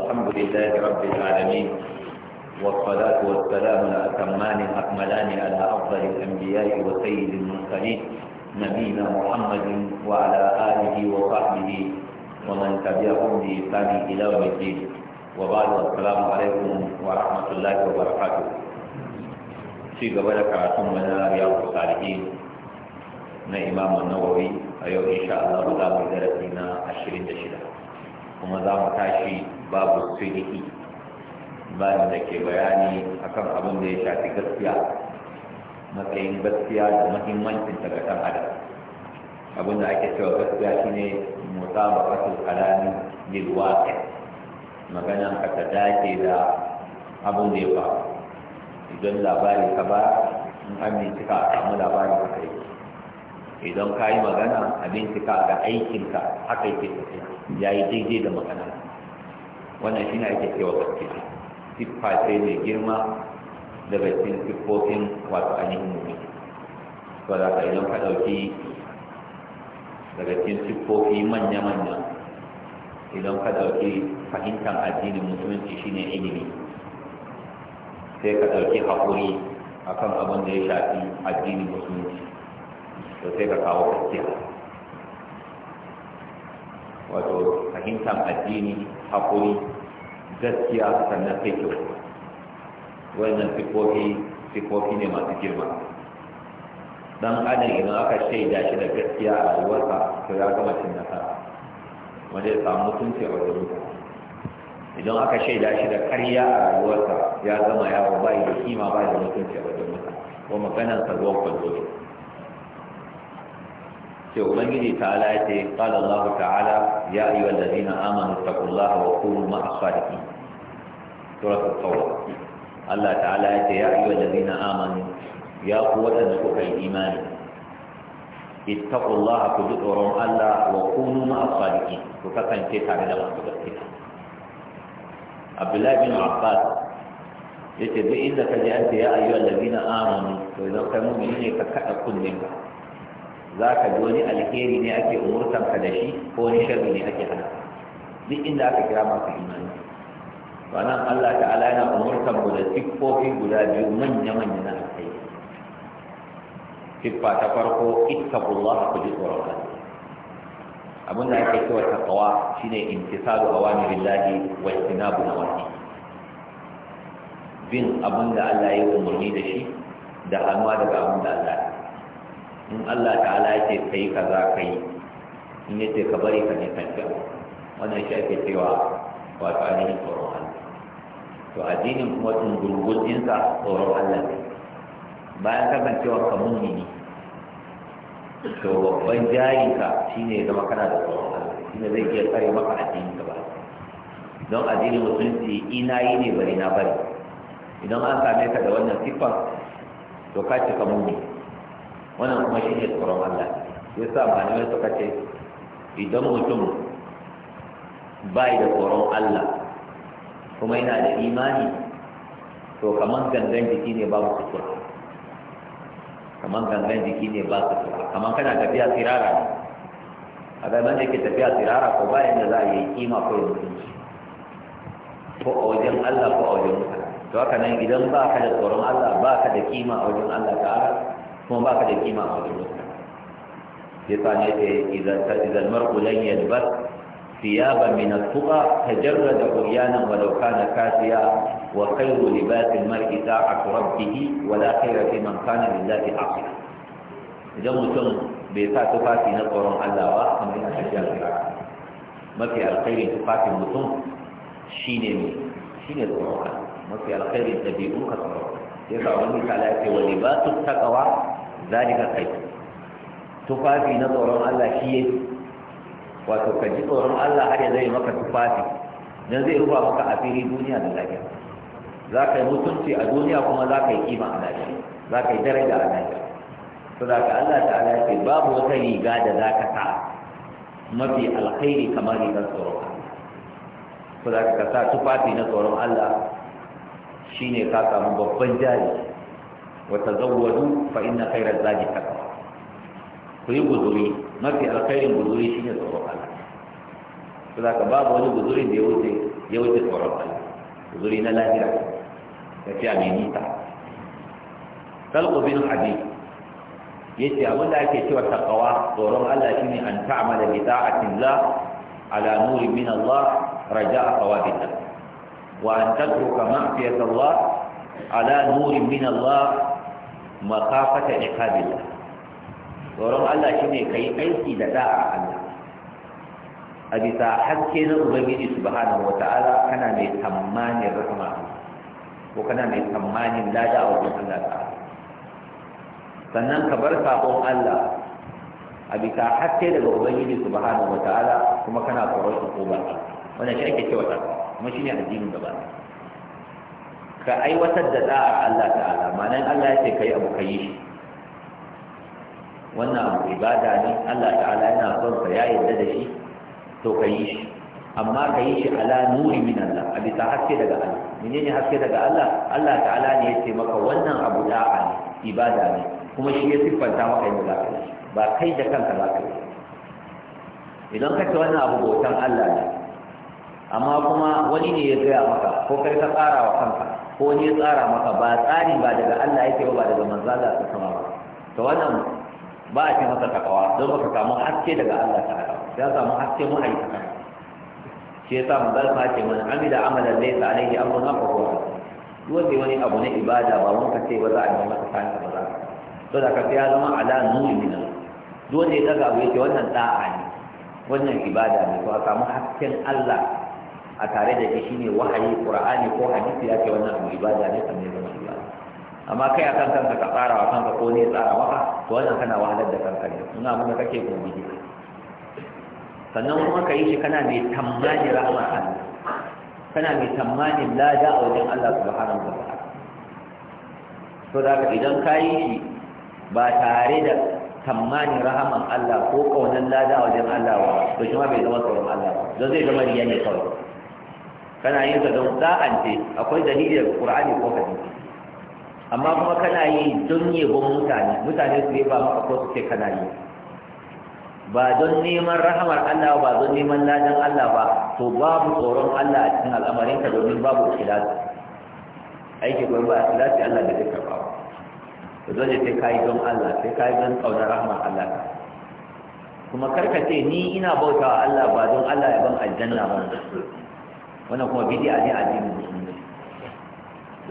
الحمد لله رب العالمين والصلاة والسلام الأتمان الأكملان على أفضل الأنبياء وسيد المرسلين نبينا محمد وعلى آله وصحبه ومن تبعهم بإحسان إلى يوم الدين وبعد السلام عليكم ورحمة الله وبركاته في قبل كراتم من رياض الصالحين إمام النووي أيوه إن شاء الله بدأ بدرسنا 26 وما دام تاشي babu sunyi ba da ke bayani akan abin da ya shafi gaskiya matsayin gaskiya da mahimmancin daga ɗan adam abin da ake cewa gaskiya shine mutabaqatul kalami lil waqi magana ka ta dace da abin da ya faru idan labari ka ba in amincika a samu labarin ka kai idan ka yi magana a bincika ga aikinka haka yake tafiya ya yi daidai da magana wannan shi ne ake cewa gaskiya siffa sai mai girma daga cikin siffofin wasu ainihin mutum ba za ka idan ka ɗauki daga cikin siffofi manya-manya idan ka ɗauki fahimtar addinin musulunci ne ilimi sai ka ɗauki haƙuri kan abin da ya shafi addinin musulunci to sai ka kawo gaskiya wato fahimtar addini haƙuri gaskiya sannan kai kyau wannan sifofi sifofi ne masu girma dan adam idan aka shaida shi da gaskiya a rayuwarsa to ya gama cin nasara wanda ya samu mutunci a wajen mutane idan aka shaida shi da karya a rayuwarsa ya gama yawo bai da kima ba da mutunci a wajen mutane ko maganar sa ruwan ne ce ubangiji ta'ala ya ce qala Allah ta'ala ya ayyuhallazina amanu taqullaha wa kunu ma'as sadiqin suratul tauba Allah ta'ala ya ce ya ayyuhal ladina amanu ya ku wadanda kuka yi imani ittaqullaha ku ji tsoron Allah wa kunu ma'as sadiqin kasance tare da Abdullahi bin Abbas duk inda ka ji an ce ya ayyuhal ladina amanu to idan kai mu'mini ne ka kada kullin ka za ka ji wani alheri ne ake umurtan ka da shi ko wani sharri ne ake hana duk inda aka kira masu imani wannan Allah ta'ala yana umurtar mu da siffofi guda biyu manya manya na kai siffa ta farko ittaqullah ku ji tsoron Allah abin da ake cewa taqwa shine imtisalu awamirillahi wa istinabu nawahi bin abin da Allah ya umarni da shi da hannuwa daga abin da Allah in Allah ta'ala ya ce kai kaza kai in ya ka bari ka ne kanka wannan shi ake cewa wato ainihin tsoron to addinin kuma dungurgul ɗinsa tsoron Allah ne bayan kasancewa ka mumini to babban jarinka shine ya zama kana da tsoron Allah shine zai iya tsare maka addinin ka ba don addinin musulunci ina yi ne bari na bari idan an same ka da wannan siffar to ka cika mumini wannan kuma shi ne tsoron Allah ya sa malamai suka ce idan mutum bai da tsoron Allah kuma yana da imani to kamar gangan jiki ne babu sutura kamar gangan jiki ne ba sutura kamar kana tafiya sirara ne a gaban da ke tafiya sirara ko ba yadda za a yi kima ko yin mutunci ko a wajen Allah ko a wajen mutane to haka nan idan ba ka da tsoron Allah ba ka da kima a wajen Allah ta ara, kuma ba ka da kima a wajen mutane ya sa ne ta idan mar'u lanyar bar ثيابا من التقى تجرد عريانا ولو كان كاسيا وخير لباس المرء طاعة ربه ولا خير في من كان لله عاصيا idan mutum bai sa tufafi na tsoron Allah ba kamar yana tafiya kira mafi alkhairin tufafin mutum shine ne shine tsoron mafi alkhairin dabi'un ka tsoron sai sa wani kala ya ce wa libatu tufafi na tsoron Allah shi wato ka ji tsoron Allah har ya zai maka tufafi dan zai rufa maka asiri duniya da lafiya za ka yi mutunci a duniya kuma za ka yi kima a lafiya za ka yi daraja a lafiya to da ka Allah ta'ala ya ce babu wata riga da za ka sa mafi alkhairi kamar rigar tsoron Allah to da ka sa tufafi na tsoron Allah shine ka samu babban jari wa tazawwadu fa inna khairaz zadi taqwa ku yi guzuri mafi alkhairin guzuri shine tsoron Allah za ka babu wani guzuri da ya wuce tsoron Allah guzuri na lahira ya ce amini ta talqu bin hadid yace abin da ake cewa taqwa tsoron Allah shi ne an ta'mala bi ta'atillah ala nuri min Allah raja a raja'a thawabillah wa an tatruka ma'siyat Allah ala nuri min Allah makhafata iqabillah tsoron Allah shi ne ka yi aiki da da'a a Allah a bisa haske na ubangiji subhanahu wata'ala kana mai tsammanin rahama ko kana mai tsammanin lada a wajen Allah ta sannan ka bar sabon Allah a bisa haske daga ubangiji subhanahu wata'ala kuma kana tsoron hukuma wannan shi ake cewa kuma shi ne addinin gaba ka aiwatar da da'a Allah ta'ala ma'anar Allah ya ce yi abu kai shi wannan abu ibada ne Allah ta'ala yana son ka ya yarda da shi to ka yi shi amma ka yi shi ala nuri min Allah a bisa haske daga Allah menene haske daga Allah Allah ta'ala ne ya ce maka wannan abu da'a ne ibada ne kuma shi ya siffanta maka yadda za ka yi ba kai da kanka za ka yi idan ka ce wannan abu bautan Allah ne amma kuma wani ne ya gaya maka ko kai ka tsara wa kanka ko wani ya tsara maka ba tsari ba daga Allah yake ba ba daga manzala ta sama ba to wannan ba a ce masa takawa don ka samu haske daga Allah ta'ala ya samu haske mu ayi takawa shi yasa mun zai ma ce mun amila amalan laysa alaihi amruna ko huwa duk wanda wani abu na ibada ba wanka ce ba za a yi masa kayan ba za to da ka ya zama ala nuri min duk wanda ya daga abu yake wannan da'a ne wannan ibada ne to a samu hasken Allah a tare da shi ne wahayi qur'ani ko hadisi yake wannan abu ibada ne sannan zama ibada amma kai akan kanka ka tsara wa kanka ko ne tsara maka to wannan kana wahalar da kanka ne in abin da kake gobe sannan kuma ka yi shi kana mai tamani rahmar Allah kana mai tamani lada a wajen Allah subhanahu wa ta'ala to da ka idan ka yi shi ba tare da tamani rahaman Allah ko kaunan lada a wajen Allah ba to shi ma bai zama tsoron Allah ba don zai zama riya ne kawai kana yin sa don da'ance akwai dalilin Qur'ani ko hadisi amma kuma kana yi don yabon mutane mutane su ba maka ko su ce kana yi ba don neman rahamar Allah ba don neman ladan Allah ba to babu tsoron Allah a cikin al'amarin ka domin babu ikhlas aiki ko ba ikhlas Allah da zai ba to dole sai kai don Allah sai kai don kaunar rahamar Allah kuma karka ce ni ina bautawa Allah ba don Allah ya ban aljanna ba wannan kuma bidi'a ne addini ne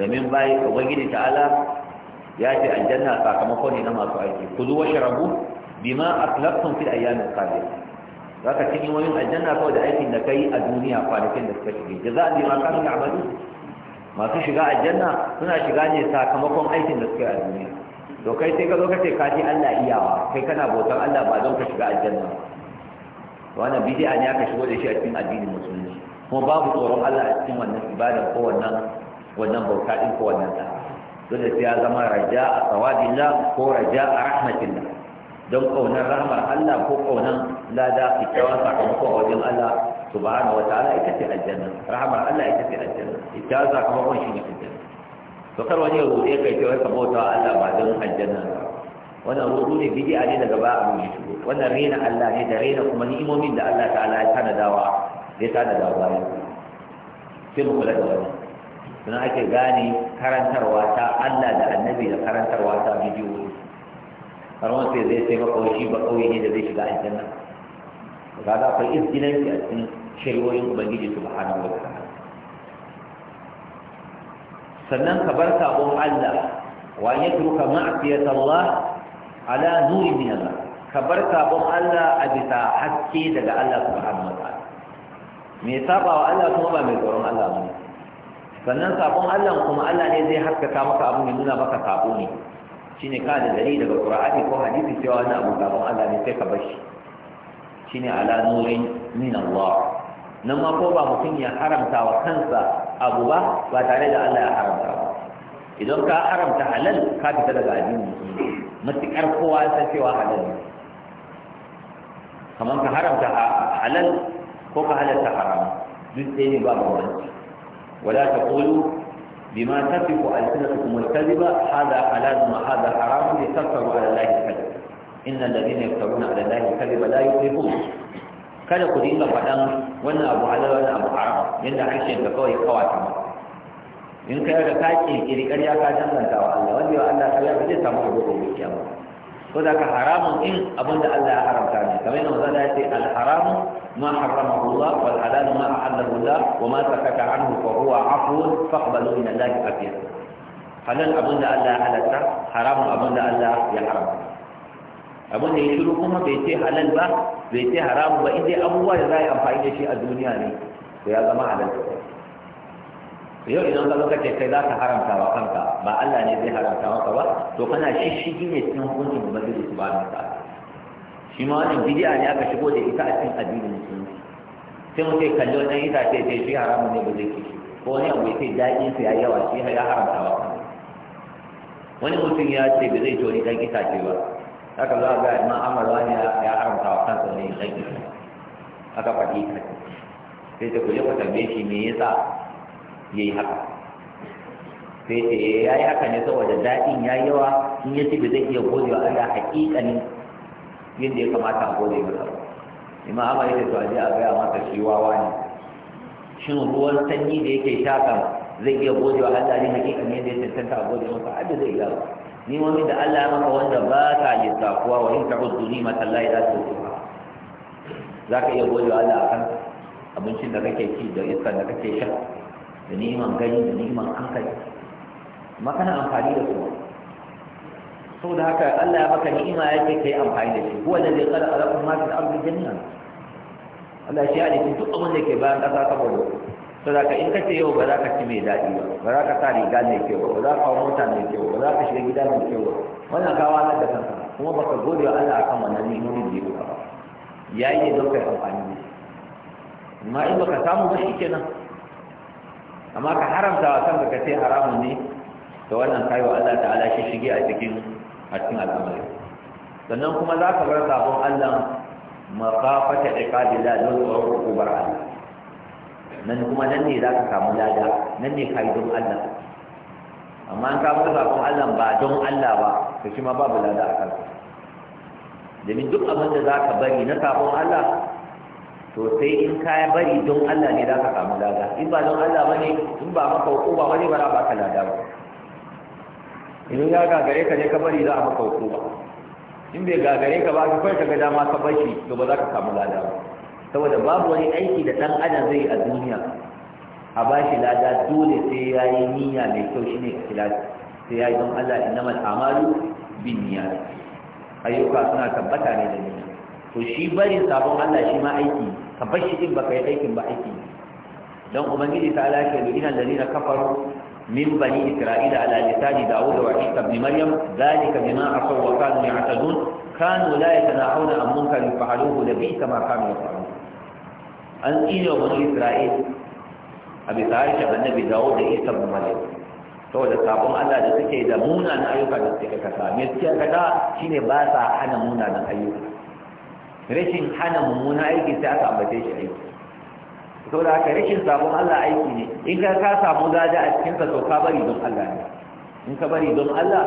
domin bayi ubangiji ta'ala ya ce aljanna sakamako ne na masu aiki ku zuwa sharabu bima aslaftum fil ayyamin qadim zaka cikin wani aljanna kawai da aikin da kai a duniya kwanakin da suka shige jaza'a bima kanu ya'malu masu shiga aljanna suna shiga ne sakamakon aikin da suka yi a duniya to kai sai ka zo ka ce ka ji Allah iyawa kai kana bautar Allah ba don ka shiga aljanna wannan bid'a ne aka shigo da shi a cikin addinin musulunci kuma babu tsoron Allah a cikin wannan ibadan ko wannan wannan bauta din ko wannan da dole sai ya zama raja a tsawadillah ko raja a rahmatillah don ƙaunar rahmar Allah ko ƙaunar lada a sakamako sakamakon wajen Allah su ba subhanahu Wata ala ita ce aljanna rahmar Allah ita ce aljanna ita sakamakon shi ne aljanna to kar wani ya roƙe kai ta wata bauta Allah ba don aljanna ba wannan rudu ne bid'a ne daga ba abin shi wannan rena Allah ne da rena kuma ni'imomin da Allah ta'ala ya tanadawa ya dawa bayan sai mu kula da wannan don ake gane karantarwa ta Allah da annabi da karantarwa ta bidiyoyi har wani sai zai sai makaushi ba kauye ne da zai shiga aljanna ga za ka izgilanci a cikin shari'o'in ubangiji subhanahu wa ta'ala sannan ka bar sabon Allah wa yatruka ma'siyat Allah ala nuri min Allah ka bar sabon Allah a bisa haske daga Allah subhanahu wa ta'ala me saba wa Allah kuma ba mai tsoron Allah ba ne sannan sabon Allah kuma Allah ne zai haskaka maka abu ne nuna maka sabo ne shine ka da dalili daga Qur'ani ko hadisi cewa wannan abu sabon Allah ne sai ka bar shi shine ala nurin min Allah nan ma ko ba mutum ya haramta wa kansa abu ba ba tare da Allah ya haramta ba idan ka haramta halal ka fita daga addini matukar kowa ya san cewa halal ne kamar ka haramta halal ko ka halalta haram duk ɗaya ne ba bambanci ولا تقولوا بما تصف ألسنتكم الكذب هذا حلال وهذا حرام لتفتروا على الله الكذب إن الذين يفترون على الله الكذب لا يفلحون kada ku dinga faɗan wannan abu halal wannan abu haram yadda harshen ka kawai kawata ma in ka yarda ka kirkiri ƙarya ka danganta wa Allah wanda ya Allah ƙarya ba zai samu abu gobe kiyama ko da ka haramun in abinda Allah ya haramta ne kamar yadda wanda ya ce al-haram ma harrama Allah wal halal ma ahallahu Allah wa ma sakata anhu fa huwa afwun faqbalu min Allah afiya halal abinda Allah ya halatta haramun abinda Allah ya haramta abin da ya shiru kuma bai ce halal ba bai ce haramu ba inda abubuwa da za a yi amfani da shi a duniya ne to ya zama halal yau idan ka lokaci kai za ka haramta wa kanka ba Allah ne zai haramta maka ba to kana shishigi ne cikin hukuncin ubangiji da wataala shi ma wannan bid'a ne aka shigo da ita a cikin addinin musulunci sai mu sai kalli wannan ita ce ce shi haramun ne ba zai kishi ko wani abu ya ce daɗin ya yawa shi ya haramta wa kanka wani mutum ya ce ba zai tori dan itace ba haka za a ga imam Ahmad ne ya haramta wa kansa ne ɗan itace aka faɗi ita sai ta kuje ku tambaye shi me yasa ya yi haka sai ce eh, ya yi haka ne saboda daɗin ya yi yawa in ya ci ba zai iya gode wa Allah haƙiƙanin yadda ya kamata a gode masa imam amma ya ce to a je a gaya masa shi wawa ne shin ruwan sanyi da yake shaƙa zai iya gode wa Allah ne haƙiƙanin yadda ya tantanta a gode masa abin zai iya ba ni wani da Allah ya maka wanda ba ka lissafuwa wa in ta'uddu ni ma tallahi la za zaka iya gode wa Allah akan abincin da kake ci da iskan da kake sha da niman gani da niman hankali amma amfani da Sau da haka Allah ya baka ni'ima ya yake kai amfani da shi huwa alladhi khalaqa lakum ma fil ardi jami'an Allah shi ya halitta duk abin da ke bayan ƙasa saboda saboda ka in ka ce yau ba za ka ci mai daɗi ba ba za ka sa riga mai kyau ba za ka hau mota mai kyau ba za ka shiga gida mai kyau ba wannan gawa na da kanka kuma baka gode wa Allah akan wannan ni'imomin da ya ba ya yi ne don kai amfani da shi amma in baka samu ba shi kenan amma ka haramta wa kanka ka ce haramun ne to wannan kai wa Allah ta'ala shi shige a cikin a cikin al'amari sannan kuma za ka bar sabon Allah maqafata iqabillah don tsoron hukumar Allah nan kuma nan ne za ka samu lada nan ne kai don Allah amma an kawo sabon Allah ba don Allah ba to shi ma babu lada a kanka domin duk abin da za ka bari na sabon Allah to sai in ka bari don Allah ne za ka samu lada in ba don Allah ba ne in ba maka hukuma ba wani bara za ba ka lada ba in ya gagare ka ne ka bari za a maka ba. in bai gagare ka ba ka kai ka ga dama ka bashi to ba za ka samu lada ba saboda babu wani aiki da dan adam zai a duniya a bashi lada dole sai ya yi niyya mai kyau shine ikhlasi sai ya yi don Allah innamal amalu bin niyya ayyuka suna tabbata ne da niyya to shi barin sabon Allah shi ma aiki ka bar shi din baka yi aikin ba aiki don ubangiji ta alaƙe da ina da nina kafaru min bani isra'ila ala lisani dawud wa isa ibn maryam zalika bima asaw wa kanu ya'tadun kanu la yatanahuna an munkarin fa'aluhu da bi kama kanu yaf'alun an tsine wa bani isra'il a bisa harshen annabi dawud da isa ibn maryam saboda sabon Allah da suke da munanan ayyuka da suke kasa me suke kasa shine ba sa hana munanan ayyuka rashin hana mummuna aiki sai aka ambace shi aiki saboda haka rashin sabon Allah aiki ne in ka ka samu lada a cikin sa to ka bari don Allah ne in ka bari don Allah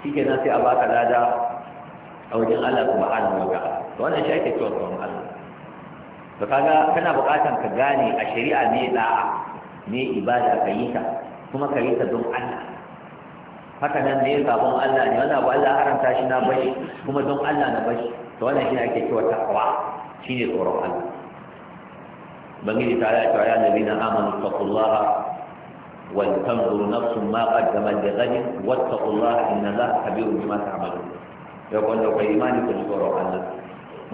shikenan sai a baka lada a wajen Allah subhanahu wa ta'ala to wannan shi ake cewa sabon Allah to kaga kana buƙatan ka gane a shari'a ne da'a ne ibada ka yi ta kuma ka yi ta don Allah haka nan ne sabon Allah ne wannan abu Allah haramta shi na bashi kuma don Allah na bashi to wannan shi ake cewa taqwa shine tsoron Allah bangiji ta ya cewa ya nabina amanu taqullaha wal tanzur nafsun ma qaddamat li ghadin wattaqullaha inna allaha khabirun bima ta'malun ya wanda kai imani ku tsoron Allah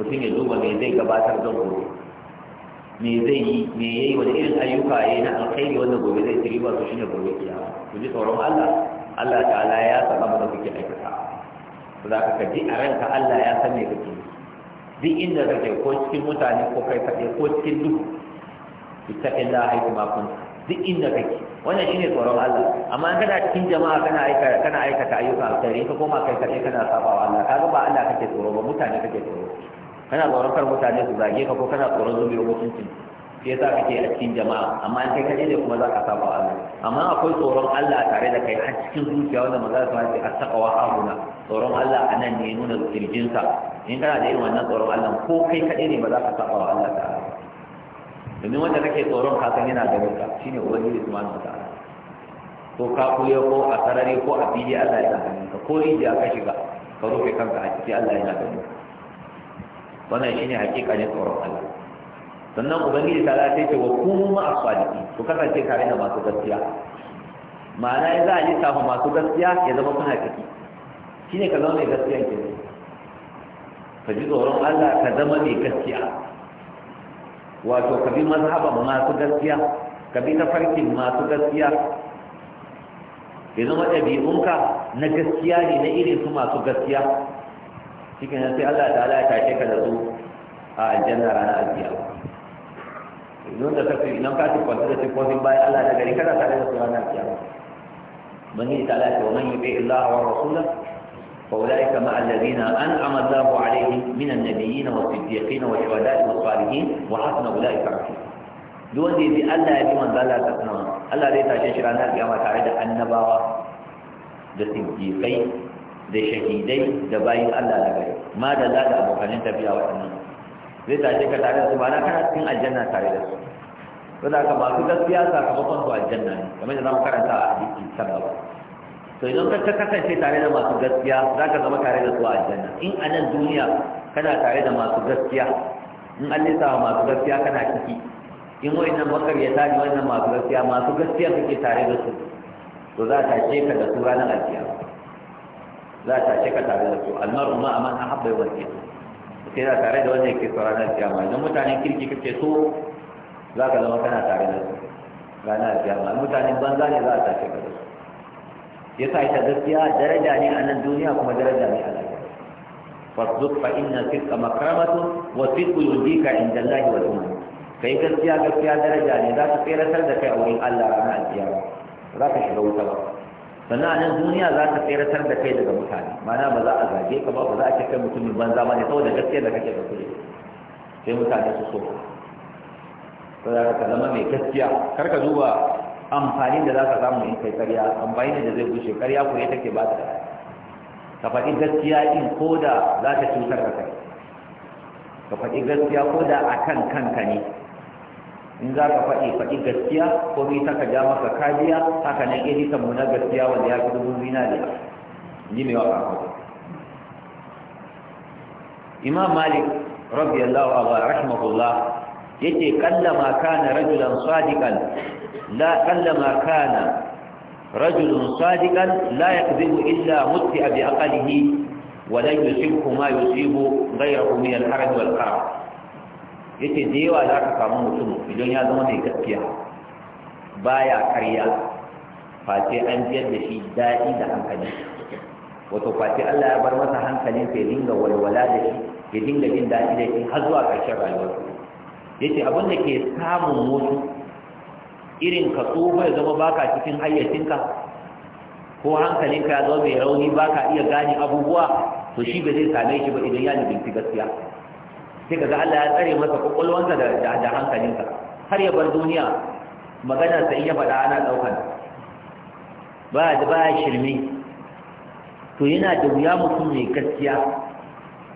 mutum ya duba me zai gabatar da gobe me zai yi me yayi wani irin ayyuka yayi na alkhairi wanda gobe zai tsiri ba su shine gobe kiyama ku ji tsoron Allah Allah ta'ala ya saba da kuke aikata za ka kaji a ranka Allah ya san me kake duk inda kake ko cikin mutane ko kai kaɗai ko cikin duk ittaqin la haiku ma kun duk inda kake wannan shine tsoron Allah amma an kada cikin jama'a kana aika kana ta ayyuka alkhairi ka koma kai kaɗai kana sabawa Allah kaga ba Allah kake tsoro ba mutane kake tsoro kana tsoron kar mutane su zage ka ko kana tsoron zubewar mutuncin shi yasa kake a cikin jama'a amma in kai kaje ne kuma za ka saba Allah amma akwai tsoron Allah tare da kai har cikin zuciya wanda maza su ce attaqwa hauna tsoron Allah a nan ne nuna kirjinsa in kana da irin wannan tsoron Allah ko kai kaɗai ne ba za ka saba wa Allah ta'ala domin wanda kake tsoron ka san yana da gaskiya shine ubangiji subhanahu wataala ko ka kuya ko a sarari ko a fili Allah ya sani ka ko rijiya ka shiga ka rufe kanka a ciki Allah ya sani wannan shine hakika ne tsoron Allah sannan ubangiji ta za ta ce wa kuma ma asfaliki ku kasance tare da masu gaskiya ma'ana ya za a yi lissafa masu gaskiya ya zama kana ciki shine ka zama mai gaskiya ke ka ji tsoron Allah ka zama mai gaskiya wato ka bi mazhaban masu gaskiya ka bi ta farkin masu gaskiya ya zama ɗabi'unka na gaskiya ne na irin su masu gaskiya cikin sai Allah ta'ala ya tashe ka da su a aljanna ranar alkiyama don da fi idan ka ci kwanta da sifofin bayan Allah da gari kana tare da su ranar kiyama bani ta lafi wa man yuti Allah wa rasulahu فأولئك مع الذين أنعم الله عليهم من النبيين والصديقين والشهداء والصالحين وحسن أولئك رفيقا دون دي الله يجي من ذلك تسنى الله ليس عشان شرانا القيامة تعالى tare da annabawa, da shahidai da bayan Allah na gari ma da za da abokanin tafiya waɗannan zai tashe ka tare da su ba na kana cikin aljanna tare da su da ka masu gaskiya sakamakon su aljanna ne kamar da zamu karanta a hadisi sababa to idan ka kasance tare da masu gaskiya za ka zama tare da su a aljanna in a nan duniya kana tare da masu gaskiya in an lisa wa masu gaskiya kana ciki in wa'annan makaryata ne wannan masu gaskiya masu gaskiya kake tare da su to za ta ce ka da su ranar alkiyama za ta ce ka tare da su almaru ma a ahabba yawan kiyama sai na tare da wanda yake tsoron na kiyama idan mutanen kirki kake so za ka zama kana tare da su ranar kiyama mutanen banza ne za a tafi ka da ya sa ita gaskiya daraja ne a nan duniya kuma daraja ne a lafiya fasduk fa inna sirka makramatu wa sirku yudika inda Allah wa umma kai gaskiya gaskiya daraja ne za ta tseratar da kai a wurin Allah ranar kiyama za ka shiga wuta ba sannan a nan duniya za ka tseratar da kai daga mutane mana ba za a zage ka ba ba za a kai mutumin banza ba ne saboda gaskiya da kake da kuɗi sai mutane su so ko za ka zama mai gaskiya kar ka duba amfanin da za ka samu in kai karya amfani da zai gushe karya ko ne take ba ta ka faɗi gaskiya in ko da za ta cutar da kai ka faɗi gaskiya ko da a kan kanka ne in za ka faɗi faɗi gaskiya ko bi ta ka ja maka kariya haka nan iri kan na gaskiya wanda ya fi dubu zinari ni mai waka ko imam malik radiyallahu anhu rahimahullah yace kallama kana rajulan sadiqan la kallama kana rajulun sadiqan la yakdhibu illa mutti bi aqlihi wa la yusibu ma yusibu ghayrahu min al-haraj wal qarab yace da yawa za ka samu mutum idan ya zama mai gaskiya Ba ya karya face an biyar da shi daɗi da hankali wato face Allah ya bar masa hankalin sai dinga walwala da shi ya dinga jin daɗi da shi har zuwa ƙarshen rayuwarsa yace abin da ke samun mutu irin ka tsufa ya zama baka cikin hayyacinka ko hankalinka ya zama mai rauni baka iya gane abubuwa to shi ba zai same shi ba idan ya nufin gaskiya sai kaga Allah ya tsare masa kokolwansa da da hankalinsa har ya bar duniya magana sai ya faɗa ana daukan ba da ba shirme to yana da wuya mutum mai gaskiya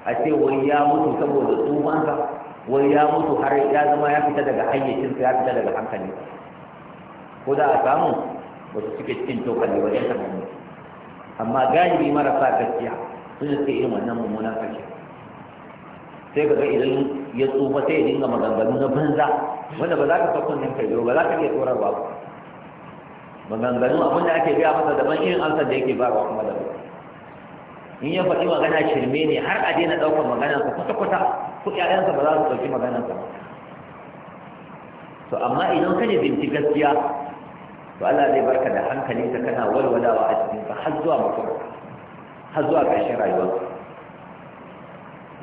a ce wai ya mutu saboda tsufansa wai ya mutu har ya zama ya fita daga hayyacinsa ya fita daga hankali. ko da a samu wasu cike cikin tokali wajen tabbani amma galibi marasa gaskiya sun suke irin wannan mummunan karshe sai ga idan ya tsufa sai ya dinga maganganu na banza wanda ba za ka fa kunnen kai ba za ka iya tsorarwa ba maganganu abin da ake biya masa daban irin amsar da yake bayarwa kuma daban in ya faɗi magana shirme ne har a daina ɗaukar maganarsa kwata-kwata ko ƴaƴansa ba za su ɗauki maganarsa ba to amma idan ka ne binci gaskiya to Allah zai barka da hankalinka kana walwalawa a cikin ka har zuwa mutuwa har zuwa ƙarshen rayuwarka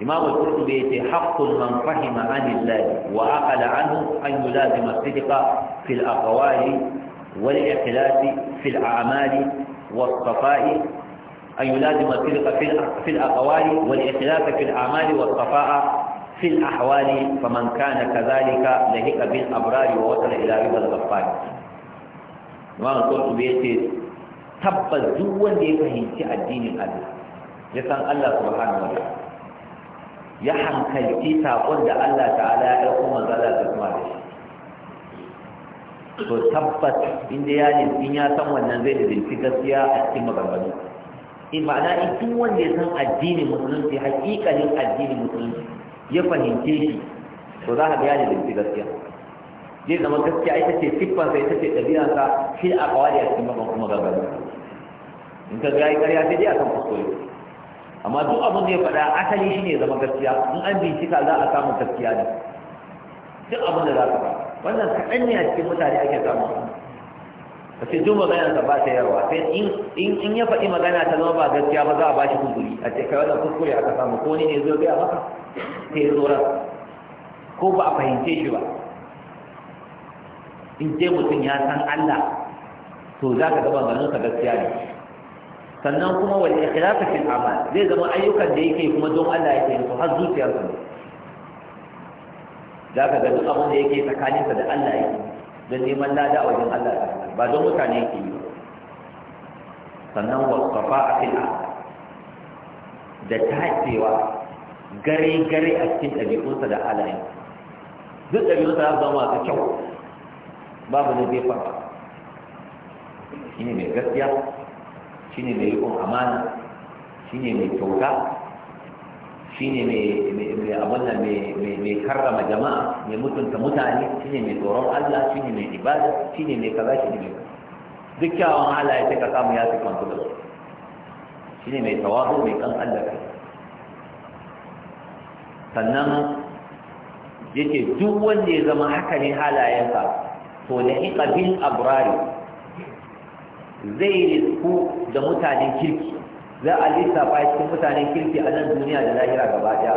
إمام القرطبي يتي حق من فهم عن الله وعقل عنه أن يلازم الصدق في الأقوال والإخلاص في الأعمال والصفاء أن يلازم الصدق في الأقوال والإخلاص في الأعمال والصفاء في الأحوال فمن كان كذلك لهك بالأبرار ووصل إلى رضا الغفار إمام القرطبي يتي تبقى الزوان يفهمك الدين الادب يسأل الله سبحانه وتعالى ya hankalci saƙon da Allah ta'ala ya ɗauko manzala da kuma da shi to tabbas inda ya in ya san wannan zai da zinci gaskiya a cikin maganganu in eh, ma'ana in tun wanda ya san addinin musulunci hakikalin addinin musulunci ya fahimce shi to za ka ga ya da zinci gaskiya zai zama gaskiya ita ce siffansa ita ce ɗabi'arsa shi a kawai a cikin maganganu in ka ga ya yi ƙarya sai dai a kan kuskure amma duk abin da ya faɗa asali shine ya zama gaskiya in an bincika za a samu gaskiya ne duk abin da za ka ba wannan kaɗan ne a cikin mutane ake samu ba sai duk maganar ba ta yarwa sai in ya faɗi magana ta zama ba gaskiya ba za a shi kuskure a ce kai wannan kuskure aka samu ko ni ne zo gaya maka sai ya zo ko ba a fahimce shi ba in dai mutum ya san Allah to za ka ganin ka gaskiya ne sannan kuma wal ikhlasu fil amal zai zama ayyukan da yake kuma don Allah yake yin su har zuciyarsa ne ka ga duk abin da yake tsakaninsa da Allah yake don neman lada a wajen Allah ba don mutane yake yi sannan wa a fil amal da tacewa gare gare a cikin ɗabi'unsa da Allah halayen duk ɗabi'unsa za su zama masu kyau babu da zai fara shi ne mai gaskiya ne mai riƙon amana ne mai kyauta shi ne mai abin mai karrama jama'a mai mutunta mutane shi ne mai tsoron Allah shi ne mai ibada shi ne mai kaza shi ne mai duk kyawun halaye sai ka samu ya fi kwanto da su shine mai tawazu mai kan Allah kai sannan yake duk wanda ya zama haka ne halayensa to da iqabil abrari zai risku da mutanen kirki za a lissafa cikin mutanen kirki a nan duniya da lahira gaba daya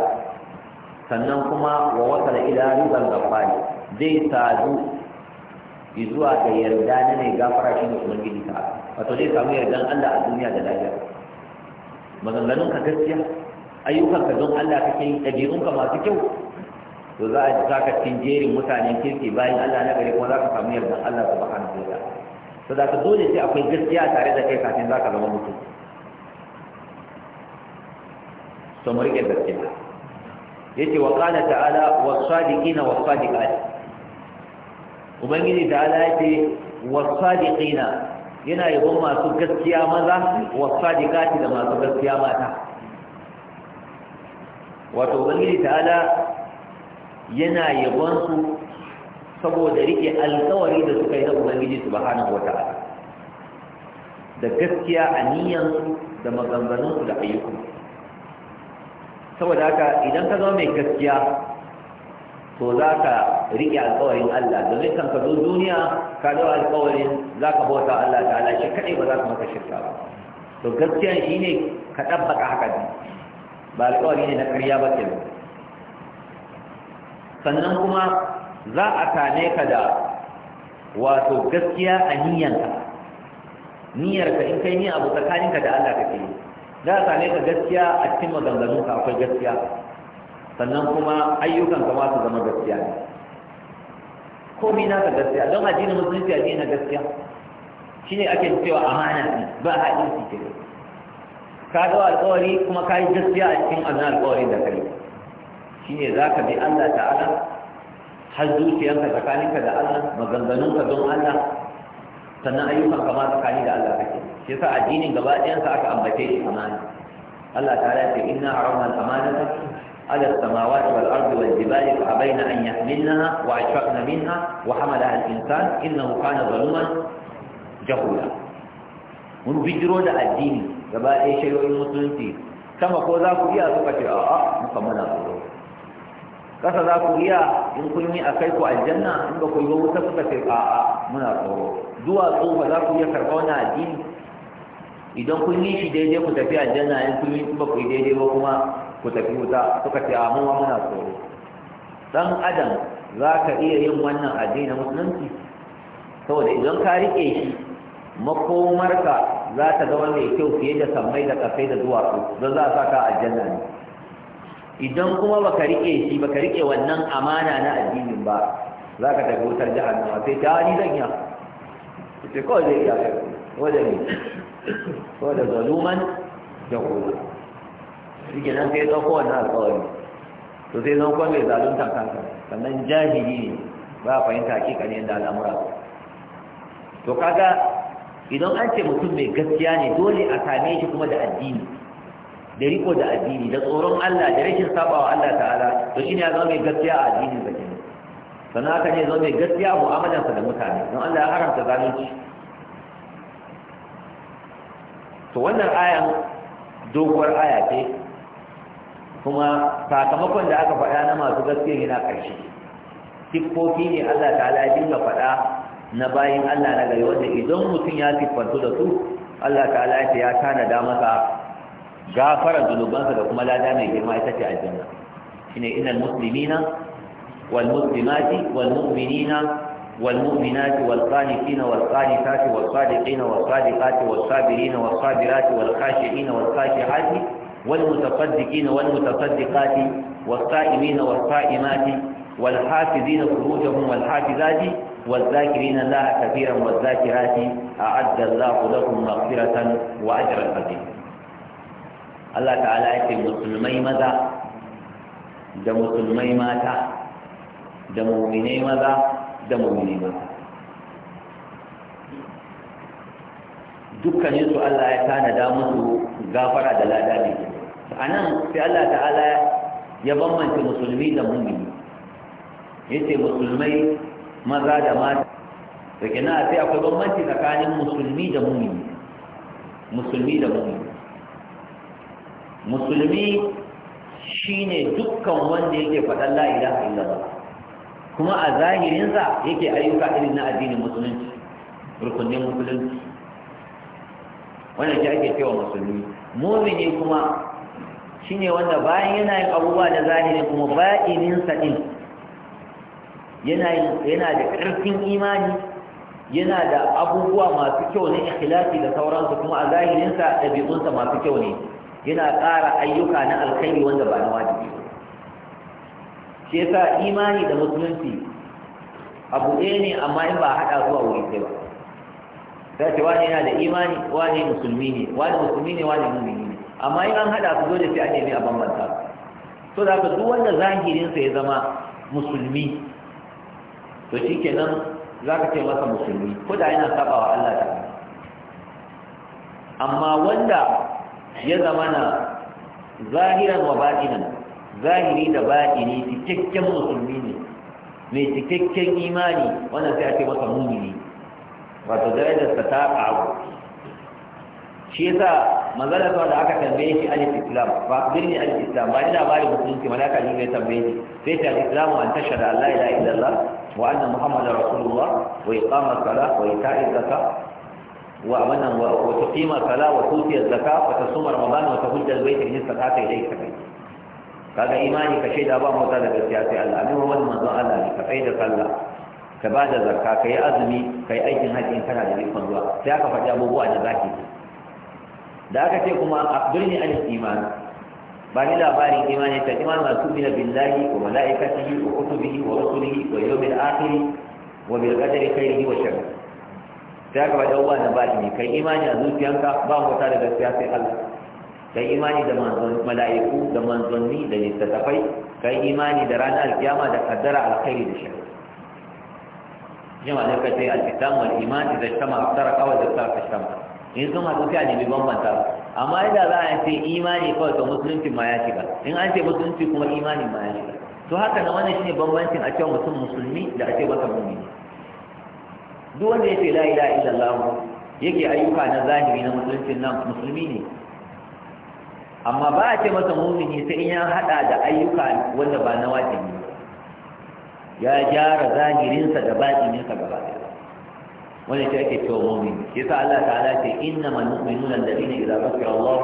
sannan kuma wa wasa da ila riban gafari zai sadu zuwa ga yarda na mai gafara shi ne ubangiji ta wato zai samu yardan Allah a duniya da lahira maganganun ka gaskiya ayyukan ka don Allah kake yi ɗabi'un ka masu kyau to za a saka cikin jerin mutanen kirki bayan Allah na gari kuma za ka samu yardan Allah subhanahu wa ta'ala to da ka dole sai akwai gaskiya tare da kai kafin za ka zama mutum to mu riƙe gaskiya yace wa qala ta'ala was-sadiqina was-sadiqat ubangiji ta'ala yace was-sadiqina yana yabon masu gaskiya maza was-sadiqati da masu gaskiya mata wato ubangiji ta'ala yana yabon su saboda riƙe alƙawari da suka yi na ubangiji subhanahu wata'ala da gaskiya a niyyan da maganganun su da ayyukan saboda haka idan ka zama mai gaskiya to za ka riƙe alƙawarin Allah domin kan ka zo duniya ka zo alƙawarin za ka bauta Allah ta'ala shi kaɗai ba za ka maka shirka ba to gaskiya shi ne ka ɗabbaka haka ne ba alƙawari ne na ƙarya ba ke sannan kuma za a same ka da wato gaskiya a niyyanka niyyarka in kai ni abu tsakaninka da Allah kake za a same ka gaskiya a cikin maganganunka akwai gaskiya sannan kuma ayyukan ka su zama gaskiya ne komai na ka gaskiya don addinin musulunci addini na gaskiya shine ake cewa amana ne ba a hadisi ke ka ga alƙawari kuma ka yi gaskiya a cikin annan alƙawarin da kai shine za ka bi Allah ta'ala har zuciyarka tsakaninka da Allah maganganunka don Allah sannan ayyukan kama tsakani da Allah kake shi yasa addinin gaba ɗayansa aka ambace shi amana Allah ta ta'ala ce inna haramna al-amanata على السماوات والأرض والجبال فأبين أن يحملنها وأشفقن منها وحملها الإنسان إنه كان ظلوما جهولا mun bijiro da addini gaba ɗaya shayoyin musulunci sama ko za ku iya suka ce a'a muka muna tsoro ƙasa za ku iya in kun yi a kai ku aljanna in ba ku yi wuta kuka ce a'a muna tsoro zuwa tsofa za ku iya karɓa wani addini idan kun yi shi daidai ku tafi aljanna in kun yi ba ku yi daidai ba kuma ku tafi wuta suka ce a mu ma muna tsoro dan adam za ka iya yin wannan addinin musulunci saboda idan ka riƙe shi makomarka za ta zama mai kyau fiye da sammai da kafai da duwatsu don za a sa ka aljanna ne idan kuma ba ka riƙe shi ba ka riƙe wannan amana na addinin ba za ka tafi wutar jahannama sai ta ni zan yi ce, kawai zai iya kai wadda ne da zaluman da kuma shi ke nan sai kowa na alkawari to sai zan kwan mai zalunta kanka sannan jahili ne ba a fahimta hakika ne da al'amura to kaga idan an ce mutum mai gaskiya ne dole a same shi kuma da addini da riko da addini da tsoron Allah da rashin sabawa Allah ta'ala to shine ya zama mai gaskiya a addinin sa kenan sannan haka ne zama mai gaskiya mu'amalan sa da mutane don Allah ya haramta zalunci to wannan ayan doguwar aya ce kuma sakamakon da aka faɗa na masu gaskiya yana ƙarshe siffofi ne Allah ta'ala ya dinga faɗa na bayin Allah na gari wanda idan mutum ya siffantu da su Allah ta'ala ya ya tanada masa gafarar zunubansa da kuma lada mai girma ita ce aljanna shine innal muslimina wal muslimati wal mu'minina والمؤمنات والقانتين والقانتات والصادقين والصادقات والصابرين والصابرات والخاشعين والخاشعات والمتصدقين والمتصدقات والصائمين والصائمات والحافظين فروجهم والحافظات والذاكرين الله كثيرا والذاكرات أعد الله لهم مغفرة وأجرا عظيما Allah ta'ala ya ce musulmai maza da musulmai mata da muminai maza da muminai mata dukkanin su Allah ya tanada musu gafara da lada ne a nan sai Allah ta'ala ya bambanta musulmi da mumini yace musulmai maza da mata da kina sai akwai bambanci tsakanin musulmi da mumini musulmi da mumini musulmi shine dukkan wanda yake faɗan la ilaha ba kuma a zahirinsa yake ayyuka irin na addinin musulunci rukunin musulunci wannan shi ake cewa musulmi mumini kuma shine wanda bayan yana yin abubuwa da zahiri kuma ba'ininsa din yana da ƙarfin imani yana da abubuwa masu kyau ne ikhlasi da sauransu kuma a zahirinsa ɗabi'unsa masu kyau ne yana ƙara ayyuka na alkhairi wanda ba na wajibi shi yasa imani da musulunci abu ɗaya ne amma in ba a haɗa zuwa wuri sai ba sai ce wani yana da imani wani musulmi ne wani musulmi ne wani mumini ne amma in an haɗa su dole sai an nemi a bambanta to da duk wanda zahirinsa ya zama musulmi to shi kenan za ka ce masa musulmi ko da yana saba wa Allah ta amma wanda ya na zahiran wa baɗinan zahiri da baɗini cikakken musulmi ne mai cikakken imani wannan sai a ce masa mumini wato darajarsa ta ƙaru shi yasa magana sa da aka tambaye shi alif islam ba birni alif islam ba ina bari musulunci naka ne ya tambaye shi sai ta islamu an da allah ila ila allah wa anna muhammadar rasulullah wa iqamas salah wa ita'iz zakah wa wannan wa tuqima sala wa tuti zakka wa tasum ramadan wa tahujja albayt in istata ilayka kaga imani ka shaida ba mu da gaskiya sai Allah ne wannan manzon Allah ne ka faida sallah ka bada zakka kai azumi kai aikin haji in kana da ikon zuwa sai aka faɗi abubuwa da zaki da aka ce kuma abdulni an iman ba ni labarin imani ta imani ma bina billahi wa mala'ikatihi wa kutubihi wa rusulihi wa yawmil akhir wa bil qadari khairihi wa sharrihi sai aka bada ba na ne. kai imani a zuciyanka ba mu ta da gaskiya sai Allah kai imani da manzon mala'iku da manzonni da littattafai kai imani da ranar alkiyama da kaddara alkhairi da shari jama'a da kace al-kitab wal iman idza istama aftara da idza istama istama in sun hadu sai a nemi bambanta amma idan za a ce imani kawai to musulunci ma ya shiga in an ce musulunci kuma imani ma ya shiga to haka na wannan shine bambancin a cewa mutum musulmi da a ce masa mu'mini duk wanda ce la ilaha illallah yake ayyuka na zahiri na musulunci nan musulmi ne amma ba a ce masa mumini sai in ya hada da ayyuka wanda ba na wajibi ya gyara zahirinsa da batininsa gaba ɗaya wani ta ake cewa mumin shi yasa Allah ta'ala ce innamal mu'minuna alladhina idza dhukira Allah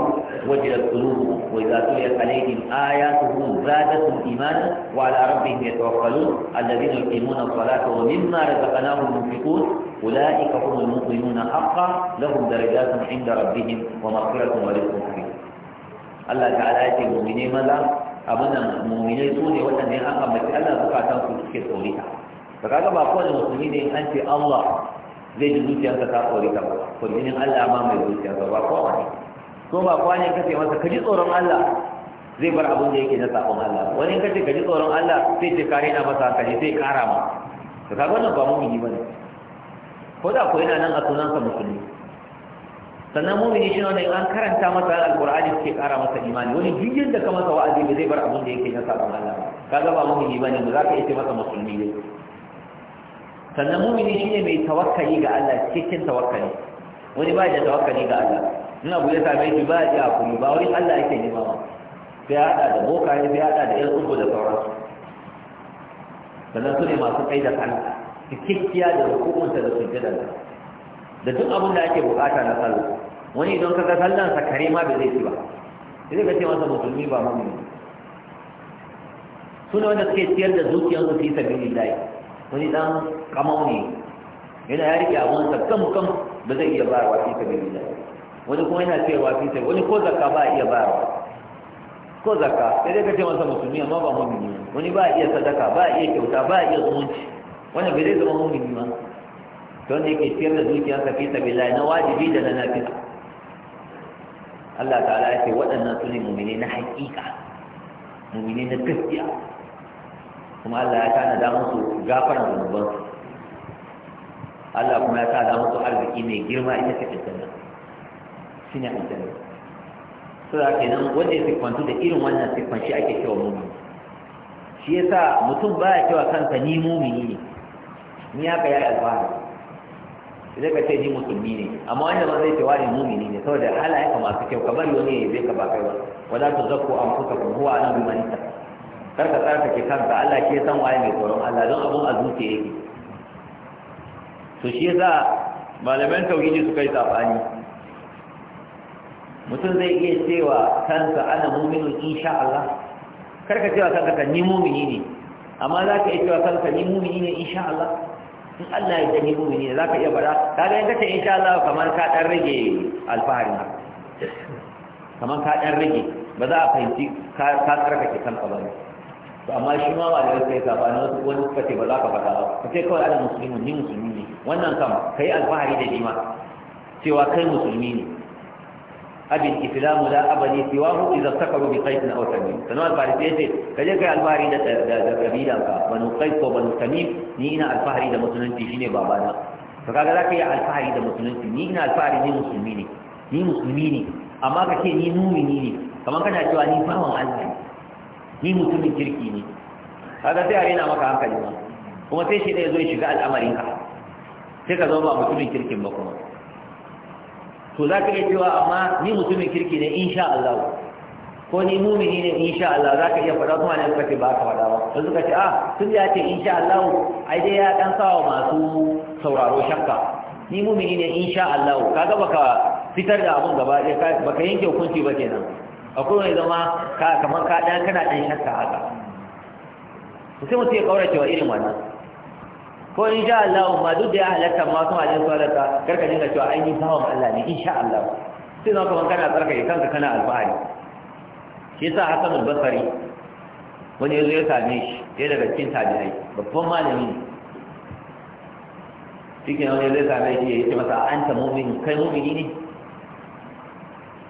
wajilat qulubuhum wa idza tuliyat alayhim ayatuhu zadatuhum imanan wa ala rabbihim yatawakkalun alladhina yuqimuna as-salata wa mimma razaqnahum yunfiqun ulaika humul mu'minuna haqqan lahum darajatun 'inda rabbihim wa maghfiratun wa rizqun karim Allah ta'ala ya ce mu'mine maza abunan mu'mine su ne waɗannan an ambaci Allah zukatan su suke tsorita ba kaga ba kowane musulmi ne an ce Allah zai ji zuciyarsa ta kori ta ba kurjinin Allah ma mai zuciyarsa ba kowa ne so ba kowa ne kace masa ka ji tsoron Allah zai bar abin da yake na sabon Allah wani kace ka ji tsoron Allah sai ce kare na masa hankali sai kara ma to kaga wannan ba mu'mini bane ko da ko yana nan a sa musulmi sannan mu'mini shi ne an karanta masa alqur'ani sai kara masa imani wani jinjin da ka masa wa'azi zai bar abin da yake na sabon Allah kaga ba mu'mini bane ba za ka yi masa musulmi ne sannan mumini shine mai tawakkali ga Allah cikin tawakkali wani ba da tawakkali ga Allah ina abu ya mai ba ya kuma ba wani Allah yake nema ba sai hada da boka ne sai hada da yan tsubu da sauransu sannan su ne masu kai da kan cikakkiya da hukumunta da sujjada da duk abin da ake bukata na sallah wani idan ka ga sallan sa kare ma bai zai ci ba sai ka ce masa musulmi ba mumini sune wanda suke ciyar da zuciyarsu fi sabilillah wani dan kamau ne yana ya rike abun sa kam kam ba zai iya ba wa fi sabilillah wani kuma yana cewa fi sabilillah wani ko zakka ba iya ba ko zakka sai dai ka ce masa musulmi amma ba mu'mini wani ba iya sadaka ba iya kyauta ba iya zumunci wani bai zai zama mu'mini ba don da yake ciyar da zuciyarsa fi sabilillah na wajibi da na nafila Allah ta'ala ya ce waɗannan su ne mu'mini na haƙiƙa mu'mini na gaskiya kuma Allah ya tana da musu gafaran zunubansu Allah kuma ya sa tada musu arziki mai girma ita ce aljanna shine aljanna so da kenan wanda ya siffantu da irin wannan siffan shi ake cewa mumin shi ya sa mutum baya cewa kansa ni mumini ne ni haka ya alfahari idan ka ce ni musulmi ne amma wanda ba zai ce wani mumini ne saboda halayen ka masu kyau ka bari wani ya zai ka ba kai ba wala tu zakku kun huwa a'lamu bi ittaka kar ka tsarkake kanka Allah ke san waye mai tsoron Allah don abun a zuciya yake to shi yasa malaman tauhidi suka yi tsafani mutum zai iya cewa kansa ana mu'minu insha Allah kar ka cewa kanka ni mu'mini ne amma za ka iya cewa kanka ni mu'mini ne insha Allah in Allah ya dani mu'mini ne za ka iya bara kaga in kace insha Allah kamar ka dan rage alfahari kamar ka dan rage ba za a fahimci ka tsarkake kanka ba ne to amma shi ma ba da yau sai gaba na wasu wani suka ce ba za ka faɗa ba ka ce kawai ana musulmi ni musulmi ne wannan kam kai alfahari da jima cewa kai musulmi ne abin islamu la abali hu idza takaru bi qaisin aw tamim sanu alfahari sai ce kaje kai alfahari da da kabila ka banu qais ko banu tamim ni ina alfahari da musulunci shine babana to kaga za ka yi alfahari da musulunci ni ina alfahari ni musulmi ne ni musulmi ne amma ka ce ni mumini ne kamar kana cewa ni bawan Allah ne ni mutumin kirki ne kaga sai a rena maka hankali ma kuma sai shi ɗaya zo ya shiga al'amarin ka sai ka zama ba mutumin kirkin ba kuma to za ka iya cewa amma ni mutumin kirki ne insha Allah ko ni mumini ne insha Allah za ka iya faɗa kuma ne suka ce ba ka faɗa ba sai suka ce ah tun ya ce insha Allah ai dai ya dan sawa masu sauraro shakka ni mumini ne insha Allah kaga baka fitar da abun gaba ɗaya baka yanke hukunci ba kenan akwai wani zama kamar ka ɗan kana ɗan shakka haka sai mutum ya kaurace cewa irin wannan ko in sha Allah ma duk da ya halatta ma kuma alin salata karka dinga cewa an yi bawan Allah ne in sha Allah sai zama kamar kana tsarkake kanka kana alfahari shi sa hasan albasari wani yanzu ya same shi ya daga cikin tabi'ai babban malami ne cikin wani zai ya same shi ya yi masa an ta mu'min kai mu'mini ne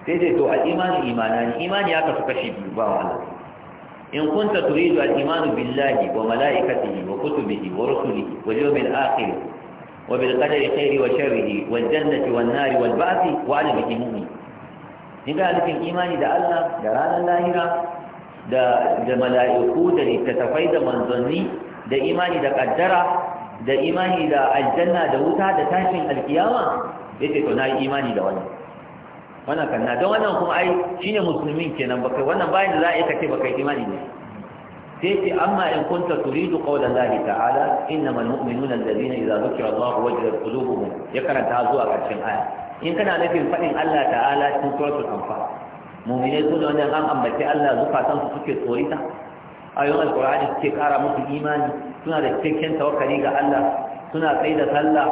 sai dai to al imanani imani ya kasu kashi biyu ba wa Allah. in kunta turidu al'imanu billahi wa malaikatihi wa kutubihi wa rusulihi wal yawmil akhir wa bil qadari khairi wa sharrihi wal jannati wan nari wal ba'thi wa alim al in ga alifin imani da Allah da ranar lahira da da mala'iku da littattafai da manzanni da imani da kaddara da imani da aljanna da wuta da tashin alkiyama yake to na yi imani da wannan wannan na, don wannan kuma ai shine musulmin kenan baka wannan bayan da za a yi kace baka imani ne sai ce amma in kunta turidu qawla Allah ta'ala innamal mu'minuna alladhina idza dhukira Allah wajadat qulubuhum ya karanta zuwa karshen aya in kana nufin fadin Allah ta'ala cikin suratul anfal mu'minai su ne wannan an ambaci Allah zukatan su suke tsorita ayoyin alqur'ani suke kara musu imani suna da cikakken tawakkali ga Allah suna kai da sallah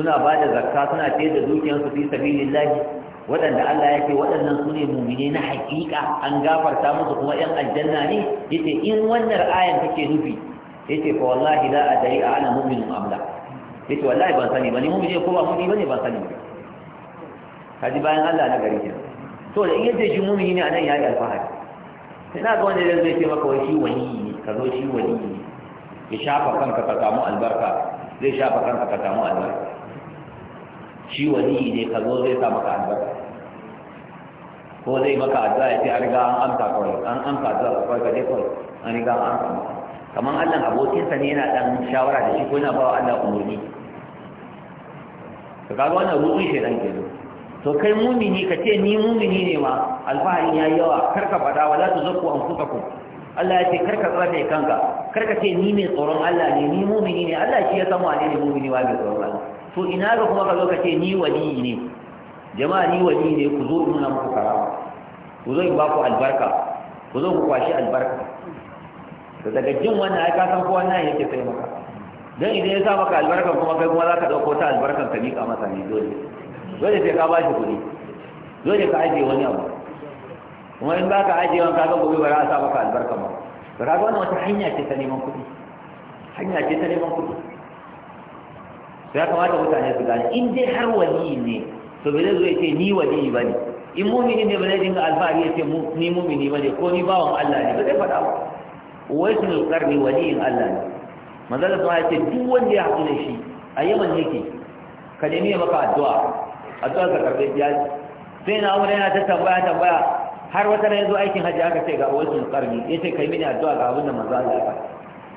suna ba da zakka suna ce da dukiyarsu fi sabilillahi waɗanda Allah ya ce waɗannan su ne mumine na haƙiƙa an gafarta musu kuma ‘yan aljanna ne ya ce in wannan ayan kake nufi ya ce fa wallahi za a dari a ana muminin amla ya ce wallahi ban sani ba ne mumine ko ba mumini ba ne ban sani ba kaji bayan Allah na gari kenan to da in yadda shi mumini ne a nan ya yi alfahari sai na ga wanda zai ce maka wai shi wani ne ka zo shi wani ne ya shafa kanka ka samu albarka zai shafa kanka ka samu albarka shi wani ne ka zo zai sa maka albarka ko zai maka addu'a ya ce an riga an amsa kawai an amsa addu'a kawai ka je kawai an riga an amsa maka kamar allan abokinsa ne yana dan shawara da shi ko yana bawa Allah umarni? Ka kaga wannan ruɗin shedan kenan to kai mumini ka ce ni mumini ne ma ya yi yawa karka fada wala tuzakku ku. Allah ya ce karka tsare kanka karka ce ni mai tsoron Allah ne ni mumini ne Allah shi ya san wane ne mumini wa mai tsoron Allah to ina ga kuma ka zo ka ce ni wali ne jama'a ni wali ne ku zo nuna muku karama ku zo in ba ku albarka ku zo ku kwashi albarka to daga jin wannan ai ka san kowa na yake kai maka dan idan ya sa maka albarka kuma kai kuma za ka dauko ta albarkan ka mika masa ne dole dole sai ka ba shi kuɗi dole ka ajiye wani abu kuma in ba ka ajiye wani kaga gobe ba za a sa maka albarka ba ba ka ga wannan wata hanya ce ta neman kuɗi hanya ce ta neman kuɗi to ya kamata mutane su gane in dai har wali ne to bai zai ce ni wali ba ne in mumini ne ba zai dinga alfahari ya ce ni mumini ba ne ko ni bawan Allah ne ba zai faɗa ba wai sun alƙarni waliyin Allah ne manzala ya ce duk wanda ya haɗu da shi a yaman yake ka nemi ya maka addu'a addu'a ka karɓe ya ce sai na umar yana ta tambaya tambaya har wata na yanzu aikin hajji aka ce ga wai sun ya ce kai mini addu'a ga abin da manzala ya faɗa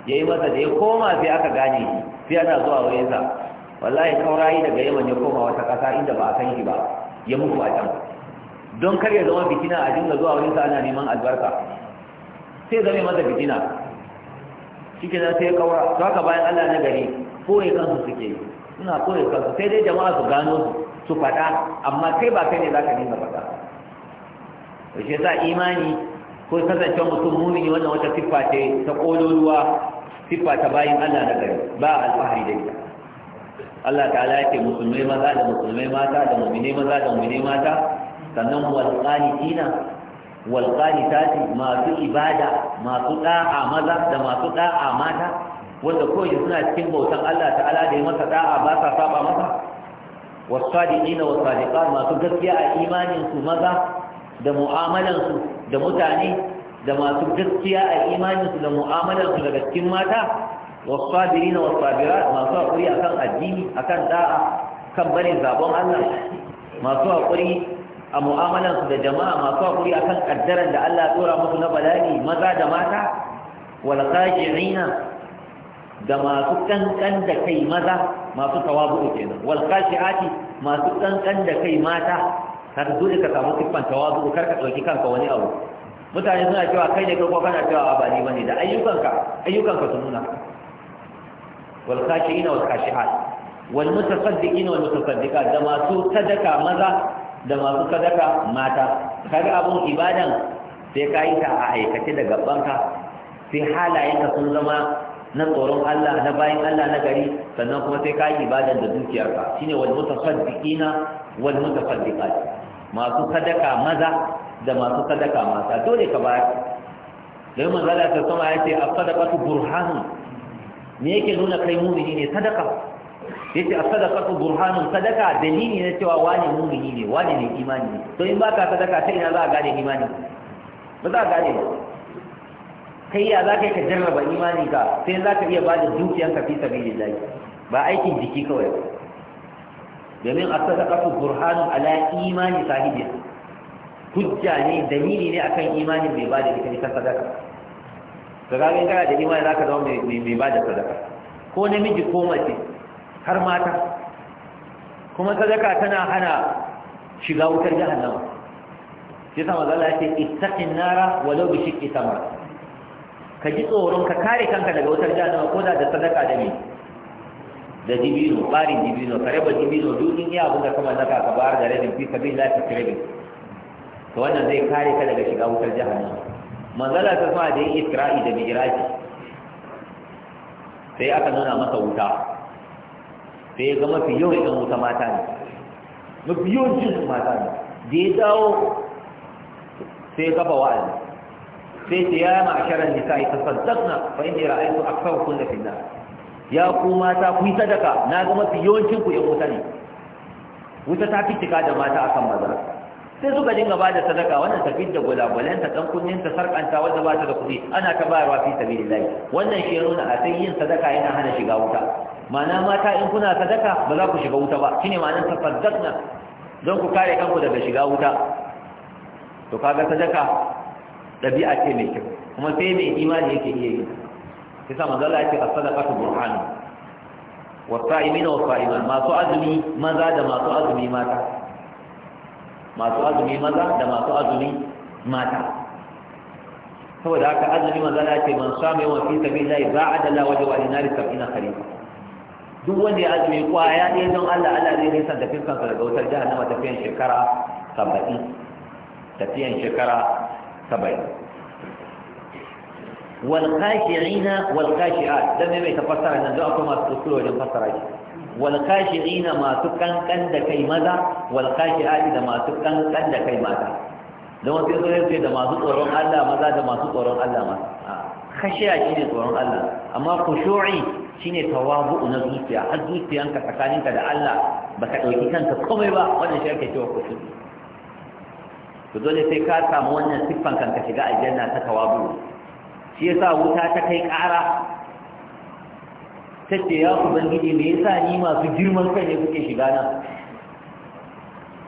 ya yi masa da ya koma sai aka gane shi sai ana zuwa wayansa wallahi rayi daga yaman ya koma wata ƙasa inda ba a san shi ba ya mutu a can don kar ya zama fitina a dinga zuwa wurin sa ana neman albarka sai zame masa fitina shike nan sai kaura to haka bayan Allah na gari koye kansu suke suna koye kansu sai dai jama'a su gano su su faɗa amma kai ba kai ne zaka dinga faɗa to shi yasa imani ko kasance mutum mumini wannan wata siffa ce ta kololuwa siffa ta bayin Allah na gari ba alfahari da ita Allah ta'ala yake musulmai maza da musulmai mata da mu'mine maza da mu'mine mata sannan wal qanitina wal qanitati masu ibada masu da'a maza da masu da'a mata wanda koyi suna cikin bautan Allah ta'ala da ya masa da'a ba sa saba masa wasadiqina wasadiqat masu gaskiya a imanin su maza da mu'amalan su da mutane da masu gaskiya a imanin su da mu'amalan su daga cikin mata والصابرين والصابرات ما سوى قري أكان الدين أكان داء كم بني زابون الله ما سوى قري أمؤاملا سد جماعة ما سوى قري أكان قدرا دا الله دورا مثل بلاني ماذا جماعة والخاشعين da masu kankan da kai maza masu tawabu kenan wal khashiati masu kankan da kai mata har dole ka samu kiffan tawazu kar ka dauki kanka wani abu mutane suna cewa kai ne ko kana cewa ba ni bane da ayyukanka ayyukanka sun nuna wal khashi'ina wal khashi'at wal mutasaddiqina wal mutasaddiqat da masu sadaka maza da masu sadaka mata kaga abun ibadan sai ka yi ta a aikace da gabanka sai halayenka sun zama na tsoron Allah na bayin Allah na gari sannan kuma sai ka yi ibadan da dukiyarka shine wal mutasaddiqina wal mutasaddiqat masu sadaka maza da masu sadaka mata dole ka bayar dan manzala ta sama yace as-sadaqatu burhanun me yake nuna kai mumini ne sadaka yace as-sadaqatu burhanun sadaka dalili ne cewa wani mumini ne wani ne imani ne to in baka sadaka sai ina za a gane imani ba za a gane ba kai ya za ka jarraba imani ka sai za ka iya bada dukiyanka fi sabilillah ba aikin jiki kawai ba domin as-sadaqatu burhanun ala imani sahibiha hujja ne dalili ne akan imanin mai bada ita ita sadaka to ga ga da imani zaka zama mai mai bada sadaka ko namiji ko mace har mata kuma sadaka tana hana shiga wutar jahannama sai sama zalla yake ittaqin nara walau bi shiqqi tamra ka ji tsoron ka kare kanka daga wutar jahannama ko da da sadaka da ne da dibino bari dibino ka raba dibino dukin iya abin da kuma zaka ka bayar da rabin fi sabilillah kare rabin to wannan zai kare ka daga shiga wutar jahannama manzala ta sa da yi isra'i da mi'raji sai aka nuna masa wuta sai ya ga mafi yawan ɗan wuta mata ne mafi yawan jin mata ne da ya dawo sai kafa wa'azi sai ce ya ma'asharar nisa'i ta saddaqna fa inni ra'aytu aktharukum fi an-nar ya ku mata ku yi sadaka na ga mafi yawancin ku yan wuta ne wuta ta fitika da mata akan maza sai suka dinga ba da sadaka wannan ta fidda gulagulanta dan kunninta sarkanta wanda ba ta da kuɗi ana ta bayarwa fi sabilillahi wannan shi ya nuna a sai yin sadaka yana hana shiga wuta ma'ana mata in kuna sadaka ba za ku shiga wuta ba shine ma'anar tafaddaqna don ku kare kanku daga shiga wuta to kaga sadaka ɗabi'a ce mai kyau kuma sai mai imani yake iya yi kisa manzo Allah ya ce as-sadaqatu Wasu wa na wasu sa'iman masu azumi maza da masu azumi mata masu azumi maza da masu azumi mata saboda haka azumi maza na ce man samu yawan fi sabi lai za a dala waje wa dinari sab'ina khalifa duk wanda ya azumi ko kwaya ɗaya don allah allah zai nisan tafiyar kansa daga wutar jahannama tafiyan shekara saba'in tafiyan shekara saba'in والخاشعين والخاشعات لم يتفسر أن ذلك ما wajen fassara shi. walkashi'ina masu ƙanƙan da kai maza walkashi'ati da masu ƙanƙan da kai mata don wasu yanzu sai da masu tsoron Allah maza da masu tsoron Allah maza kashiya shine tsoron Allah amma khushu'i shine tawabu na zuciya har zuciyanka tsakaninka da Allah ba ka ɗauki kanka komai ba wannan shi ake cewa khushu'i to dole sai ka samu wannan siffan kanka shiga aljanna ta tawabu shi yasa wuta ta kai ƙara tace ya ubangiji me yasa ni masu girman kai ne kuke shiga nan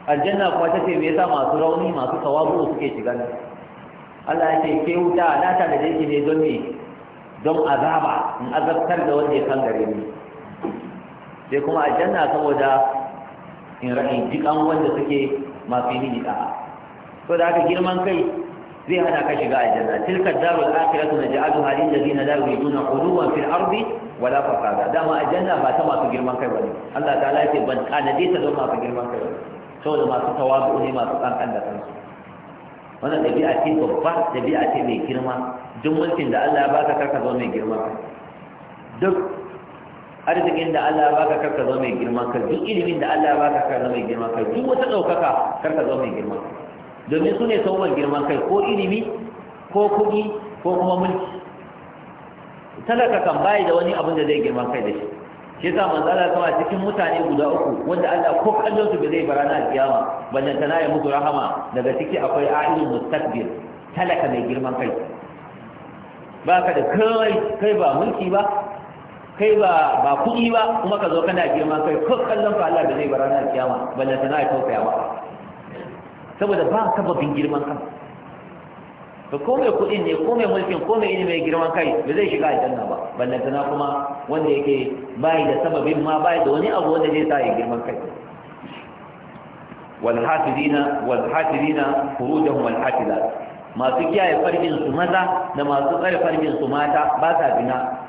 aljanna kuma tace me yasa masu rauni masu tawabu suke shiga nan Allah ya ce ke wuta na ta da dake ne don me don azaba in azabtar da wanda ya kangare ni sai kuma aljanna saboda in ra'ayi jikan wanda suke masu yi ni da'a to da haka girman kai zai hana ka shiga aljanna tilka darul akhiratu naj'aluha lil ladina la yuriduna quluwan fil ardi wala fasada dama aljanna ba ta masu girman kai bane Allah ta lafi ban kanade ta don masu girman kai saboda masu tawazu ne masu kankan da kansu wannan dabi'a ce babba dabi'a ce mai girma duk mulkin da Allah ya baka karka zo mai girma duk arzikin da Allah ya baka karka zo mai girma ka duk ilimin da Allah ya baka karka zo mai girma ka duk wata daukaka karka zo mai girma domin su ne sauwar girman kai ko ilimi ko kuɗi ko kuma mulki talaka kan bayi da wani abin da zai girman kai da shi shi yasa manzo Allah sama cikin mutane guda uku wanda Allah ko kallon su ba zai bara na kiyama bannan tana ya mutu rahama daga ciki akwai a'ilul mustakbir talaka mai girman kai baka da kai kai ba mulki ba kai ba ba kuɗi ba kuma ka zo kana girman kai ko kallon fa Allah ba zai bara na kiyama bannan tana ya tausaya ba saboda ba sababin girman kai to ko mai kuɗin ne ko mai mulkin ko mai ilimin girman kai ba zai shiga aljanna ba ballantana kuma wanda yake bai da sababin ma bai da wani abu wanda zai sa ya girman kai والحافظين والحافظين فروجهم والحافظات masu kiyaye farjin su maza da masu tsare farjin su mata ba sa bina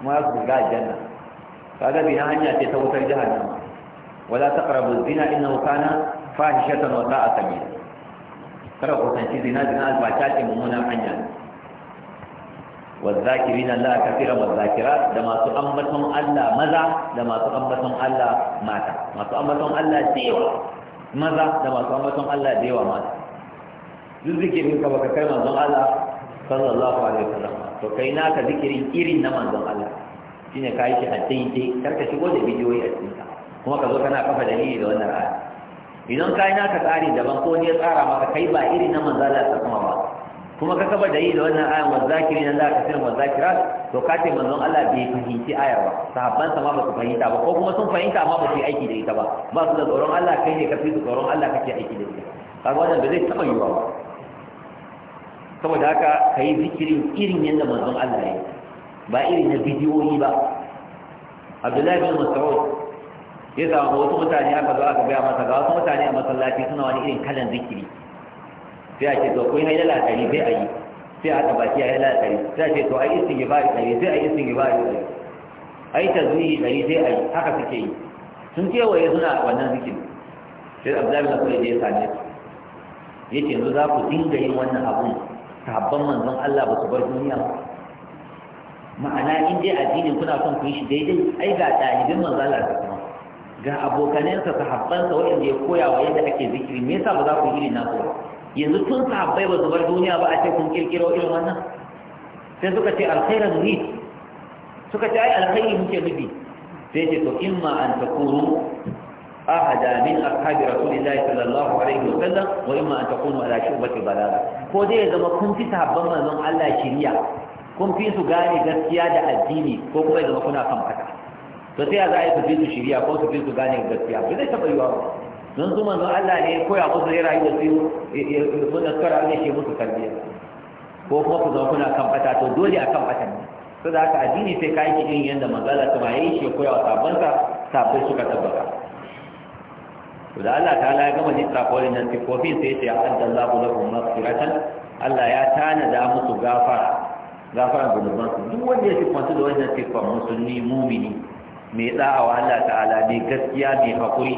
ma su ga janna kaga bina hanya ce ta wutar jihar nan. wala taqrabu zina innahu kana fahishatan wa sa'a sabila kada ku sanci zina zina albata ce mummunan hanya والذاكرين الله كثيرا والذاكرات da masu ambaton Allah maza da masu ambaton Allah mata masu ambaton Allah dewa maza da masu ambaton Allah dewa mata duk zikirin ka baka kai manzon Allah sallallahu alaihi wasallam to kai naka zikirin irin na manzon Allah shine kai shi a daidai karka shigo da bidiyoyi a cikin kuma ka zo kana kafa dalili da wannan aya idan ka yi naka tsari daban ko ne ya tsara maka kai ba iri na Allah ta kuma ba kuma ka saba da yi da wannan ayan wazakiri na za ka sirrin wazakira to ka ce manzon Allah bai fahimci ayar ba sahabban sama ba su fahimta ba ko kuma sun fahimta amma ba su yi aiki da ita ba ba su da tsoron Allah kai ne ka fi su tsoron Allah kake aiki da ita kaga wannan ba zai taɓa yiwuwa ba saboda haka ka yi zikirin irin yadda manzon Allah ya yi ba irin na bidiyoyi ba Abdullahi bin Mas'ud ya samu wasu mutane aka zo aka gaya masa ga wasu mutane a masallaci suna wani irin kalan zikiri sai a ce to kun haila ɗari sai a yi sai a tabaki a haila ɗari sai a ce to ai isin gibari dari, sai a yi isin gibari ɗari ai tazwihi ɗari sai a yi haka suke yi sun kewaye suna wannan zikiri sai abdullahi na kula da ya same su yace yanzu za ku dinga yin wannan abun sahabban manzon Allah ba su bar duniya ba ma'ana in dai addinin kuna son ku yi shi daidai ai ga ɗalibin manzon Allah ga abokanansa sahabbansa waɗanda ya koya wa yadda ake zikiri me yasa ba za ku irin na ba yanzu tun sahabbai ba su bar duniya ba a ce kun kirkiro irin wannan sai suka ce alkhairan ni suka ce ai alkhairi muke nufi sai ce to imma an takunu ahada min ashabi rasulillahi sallallahu alaihi wasallam wa imma an takunu ala shubati balala ko dai ya zama kun fi sahabban manzon Allah shiriya kun fi su gane gaskiya da addini ko kuma ya zama kuna kan fata to sai za a yi su fi su shirya ko su fi su gane gaskiya ba zai taɓa yiwa ba don su manzon Allah ne koya musu ya rayu da su ya sun askara ne ke musu tarbiyya ko kuma ku zama kuna kan fata to dole a kan fata ne to da haka addini sai ka yi irin yadda manzala ta ma yayi shi koya wa sabonsa sabai suka tabbata to da Allah ta ya gama lissafa wannan tikofin sai ya ce addallahu lakum maghfiratan Allah ya tanada musu gafara gafaran zunubansu duk wanda ya sifantu da wannan sifan musulmi mumini mai da'awa Allah ta'ala mai gaskiya mai haƙuri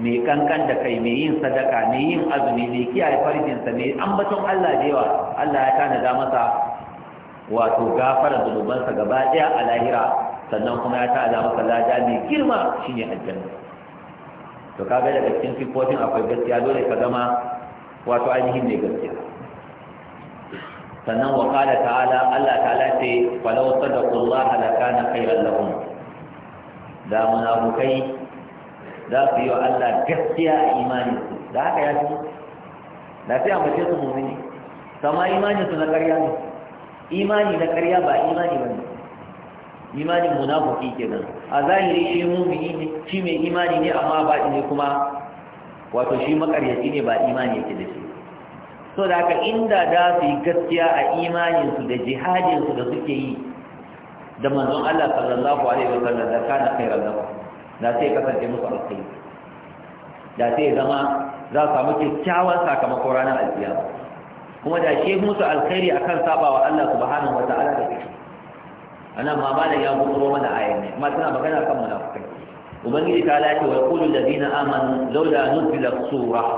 mai kankan da kai mai yin sadaka mai yin azumi mai kiyaye farjinsa mai ambaton Allah da Allah ya tanada masa wato gafara zunubansa gaba daya a lahira sannan kuma ya da masa lada mai girma shine aljanna to kaga daga cikin sifofin akwai gaskiya dole ka zama wato ainihin mai gaskiya sannan wa qala ta'ala Allah ta'ala ce walau sadaqu Allah la kana khairan lahum da munafukai za su yi wa Allah gaskiya a imanin su da haka ya fi da sai ambace su mumini sama imanin su na karya ne imani na karya ba imani ba ne imanin munafuki kenan a zahiri shi mumini ne shi mai imani ne amma ba ne kuma wato shi makaryaci ne ba imani yake da shi so da haka inda da su yi gaskiya a imaninsu da jihadinsu da suke yi da manzon Allah sallallahu alaihi wa sallam da kana khairan lahu da sai ka kasance musu alkhairi da sai zama za su samu kyakkyawan sakamako ranar alkiyama kuma da shi musu alkhairi akan sabawa Allah subhanahu wa ta'ala da shi anan ma malam ya gutsuro mana ayan ne kuma tana magana kan munafikai ubangiji ta lati wa yaqulu alladhina amanu laula nuzila surah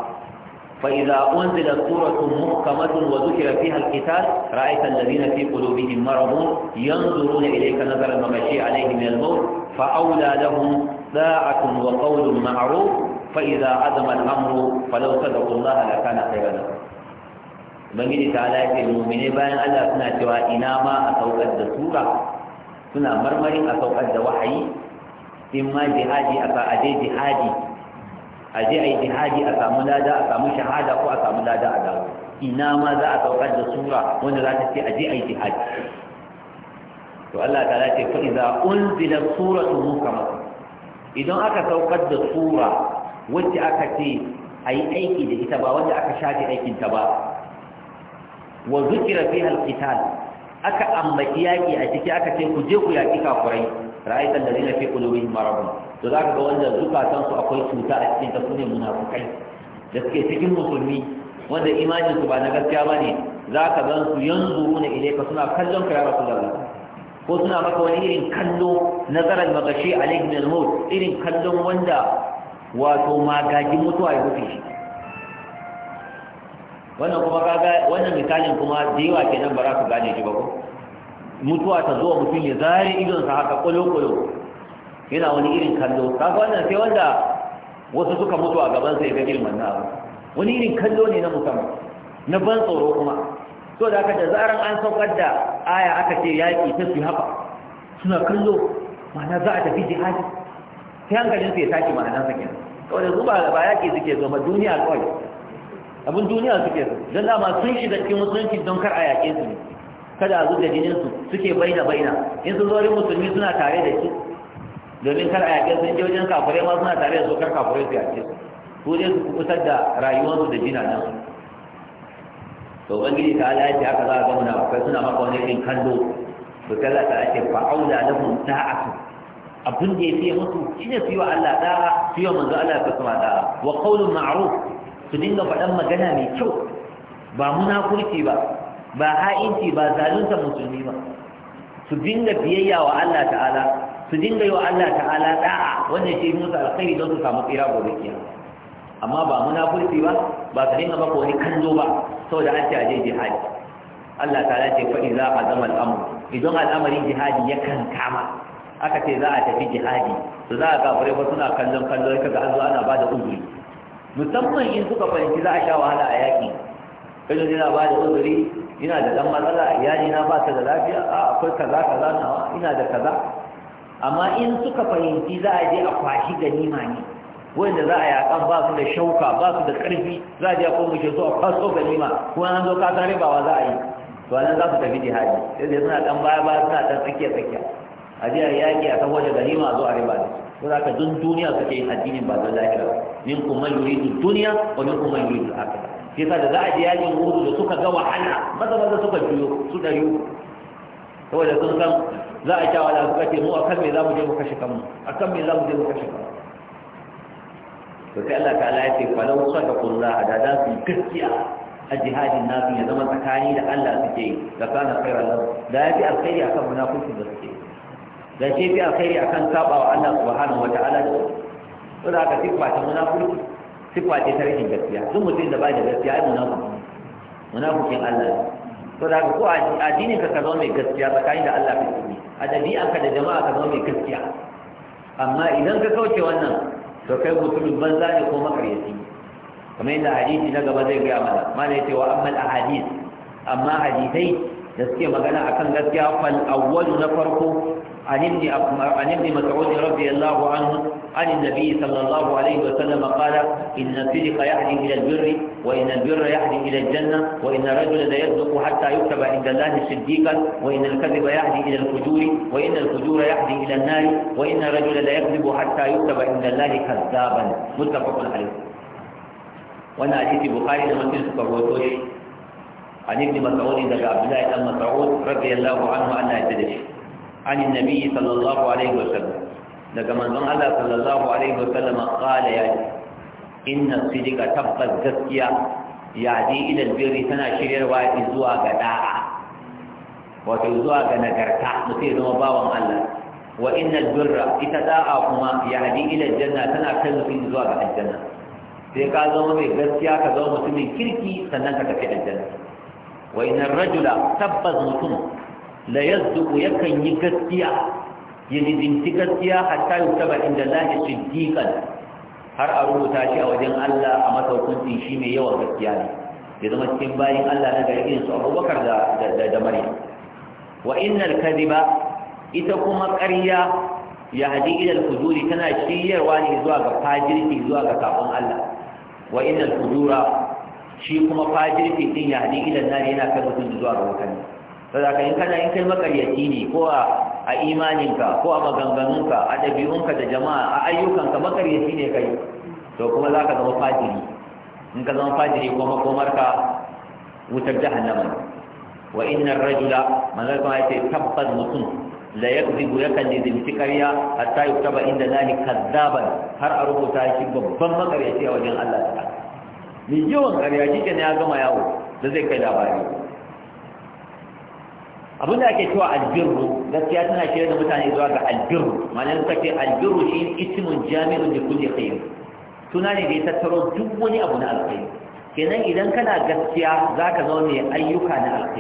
فإذا أنزلت سورة محكمة وذكر فيها القتال رأيت الذين في قلوبهم مرض ينظرون إليك نظر المغشي عليه من الموت فأولى لهم ساعة وقول معروف فإذا عزم الأمر فلو صدقوا الله لكان خيرا لهم بنجد تعالى المؤمنين بان الله سنا cewa ina ma a saukar da sura suna marmarin a saukar da wahayi in ma jihadi a ka aje jihadi a je a yi jihadi a samu lada a samu shahada ko a samu lada a dawo ina ma za a saukar da sura wanda za ta ce a je a yi jihadi to Allah ta ce fa idza unzila suratu mukammat idan aka saukar da sura wacce aka ce a yi aiki da ita ba wanda aka shafe aikin ta ba wa zukira fiha alqital aka ambaci yaki a ciki aka ce ku je ku yaki kafurai ra'ayta alladhina fi qulubihim marad to zaka ga wanda zukatan su akwai cuta a cikin tasu ne munafikai da suke cikin musulmi wanda imanin su ba na gaskiya bane zaka gan su yanzuruna ilayka suna kallon ka ya rasulullah ko suna maka wani irin kallo nazarar magashi alaihi min al-maut irin kallon wanda wato magagin mutuwa ya rufe shi wannan kuma kaga wannan misalin kuma da yawa kenan ba za su gane shi ba ko mutuwa ta zuwa mutum ya zare idonsa haka kwalo-kwalo yana wani irin kallo kaga wannan sai wanda wasu suka mutu a gabansa ya ga irin wannan abu wani irin kallo ne na musamman na ban tsoro kuma so da aka da zaran an saukar da aya aka ce yaƙi ta su haka suna kallo ma'ana za a tafi jihadi sai hankalin su ya tashi ma'ana kenan. kawai da zuba ba yaƙi suke zo ba duniya kawai abin duniya suke zo don dama sun shiga cikin musulunci don kar a yaƙe su ne kada a zuba jinin su suke baina baina in sun zo musulmi suna tare da shi domin kar a yaƙe sun je wajen kafirai ma suna tare da su kar kafirai su yaƙe su su ne su kusa da rayuwarsu da jina nan to ubangiji ta ala yace haka za a ga muna akwai suna maka wani irin kallo to kalla ta ake da aula lahum da'atu abin da yake musu shine su yi wa Allah da'a su yi wa manzo Allah ta kuma da'a wa qawlun ma'ruf su dinga faɗan magana mai kyau ba munafurci ba ba ha'inci ba zalunta musulmi ba su dinga biyayya wa Allah ta'ala su dinga yi wa Allah ta'ala da'a wanda shi musu alkhairi don su samu tsira gobe kiyama amma ba munafurci ba ba su dinga maka wani kanzo ba saboda an ce a je jihadi Allah ta'ala ce fa idza azama al-amr idan al'amarin jihadi ya kankama aka ce za a tafi jihadi to za a gafare ba suna kallon kallon kaga an zo ana ba da uzuri musamman in suka fahimci za a sha wahala a yaki. kaje yana ba da uzuri ina da dan matsala iyali na ba ta da lafiya a akwai kaza kaza nawa ina da kaza amma in suka fahimci za a je a kwashi ganima ne wanda za a yakan ba su da shauka ba su da karfi za a je a koma shi so a kwaso ganima kuma an zo ka san ribawa za a yi to nan za su tafi jihadi sai dai suna dan baya baya suna dan tsakiya tsakiya a je a yaƙi a kawo da ganima a zo a riba da su za ka dun duniya suke yin addinin ba don lahira min kuma yuridu duniya wa min kuma yuridu akhirah yasa da za a je yakin hudu da suka ga wahala maza maza suka juyo su ɗari uku saboda sun san za a kyawa da suka ce mu akan me za mu je mu kashe kanmu kan me za mu je mu kashe kanmu to sai Allah ta'ala ya ce falau sadaqullah da dan su gaskiya a jihadin nasu ya zama tsakani da Allah suke da kana khairan lahu da ya fi alkhairi akan munafikin da suke da ke fi alkhairi akan saba wa Allah subhanahu wataala da su da aka tifa ta munafiki sifa ce ta rashin gaskiya duk mutum da ba da gaskiya ai munafu munafikin Allah to da ko addinin ka ka zama mai gaskiya tsakanin da Allah ka tsini a dabi'an ka da jama'a ka zama mai gaskiya amma idan ka kauce wannan to kai mutumin banza ne ko makaryaci kamar yadda hadisi na gaba zai gaya mana mana yace wa ammal ahadith amma hadisai da suke magana akan gaskiya fal awwalu na farko عن ابن عن ابن مسعود رضي الله عنه عن النبي صلى الله عليه وسلم قال إن الصدق يهدي إلى البر وإن البر يهدي إلى الجنة وإن الرجل ليصدق حتى يكتب عند الله صديقا وإن الكذب يهدي إلى الفجور وإن الفجور يهدي إلى النار وإن الرجل ليكذب حتى يكتب عند الله كذابا متفق عليه وانا حديث البخاري لما كنت كروتوش عن ابن مسعود عند عبد الله بن مسعود رضي الله عنه أن يتدش عن النبي صلى الله عليه وسلم daga manzon Allah sallallahu alaihi wasallam qala ya inna sidika tabbas gaskiya ya ji idan birri tana zuwa ga da'a wato zuwa ga nagarta mutum ya zama bawan Allah wa inna birra ita da'a kuma ya ji tana kai mutum zuwa ga aljanna sai ka zama mai gaskiya ka zama mutumin kirki sannan ka tafi rajula tabbas mutum la yazduqu yakan yi gaskiya ya nidinci gaskiya hatta yutaba inda lahi siddiqan har a rubuta shi a wajen Allah a masaukunci shi mai yawan gaskiya ne ya zama cikin bayin Allah na gari irin su Abubakar da da da Maryam wa innal kadhiba ita kuma ƙarya ya hadi ila al tana shiryarwa ne zuwa ga fajirki zuwa ga kafin Allah wa innal kudura, shi kuma fajirki din ya hadi ila an yana kai mutum zuwa ga wutar saboda in kana in kai makaryaci ne ko a imaninka ko a maganganunka a ɗabi'unka da jama'a a ayyukanka makaryaci ne kai to kuma za ka zama fajiri in ka zama fajiri ko makomarka wutar jahannama wa inna rajula manzal kuma ce tabbas mutum la yakzibu yakan ne zai karya hatta yuktaba inda lahi kazzaban har a rubuta shi babban makaryaci a wajen Allah ta'ala mai yawan karya shi ne ya gama yawo da zai kai labari abin da ake cewa albirru gaskiya tana shirya da mutane zuwa ga albirru ma'anar ta ce albirru shi ismun jami'un da kulle khair suna ne da ya tattaro duk wani abu na alkhairi kenan idan kana gaskiya za ka zama mai ayyuka na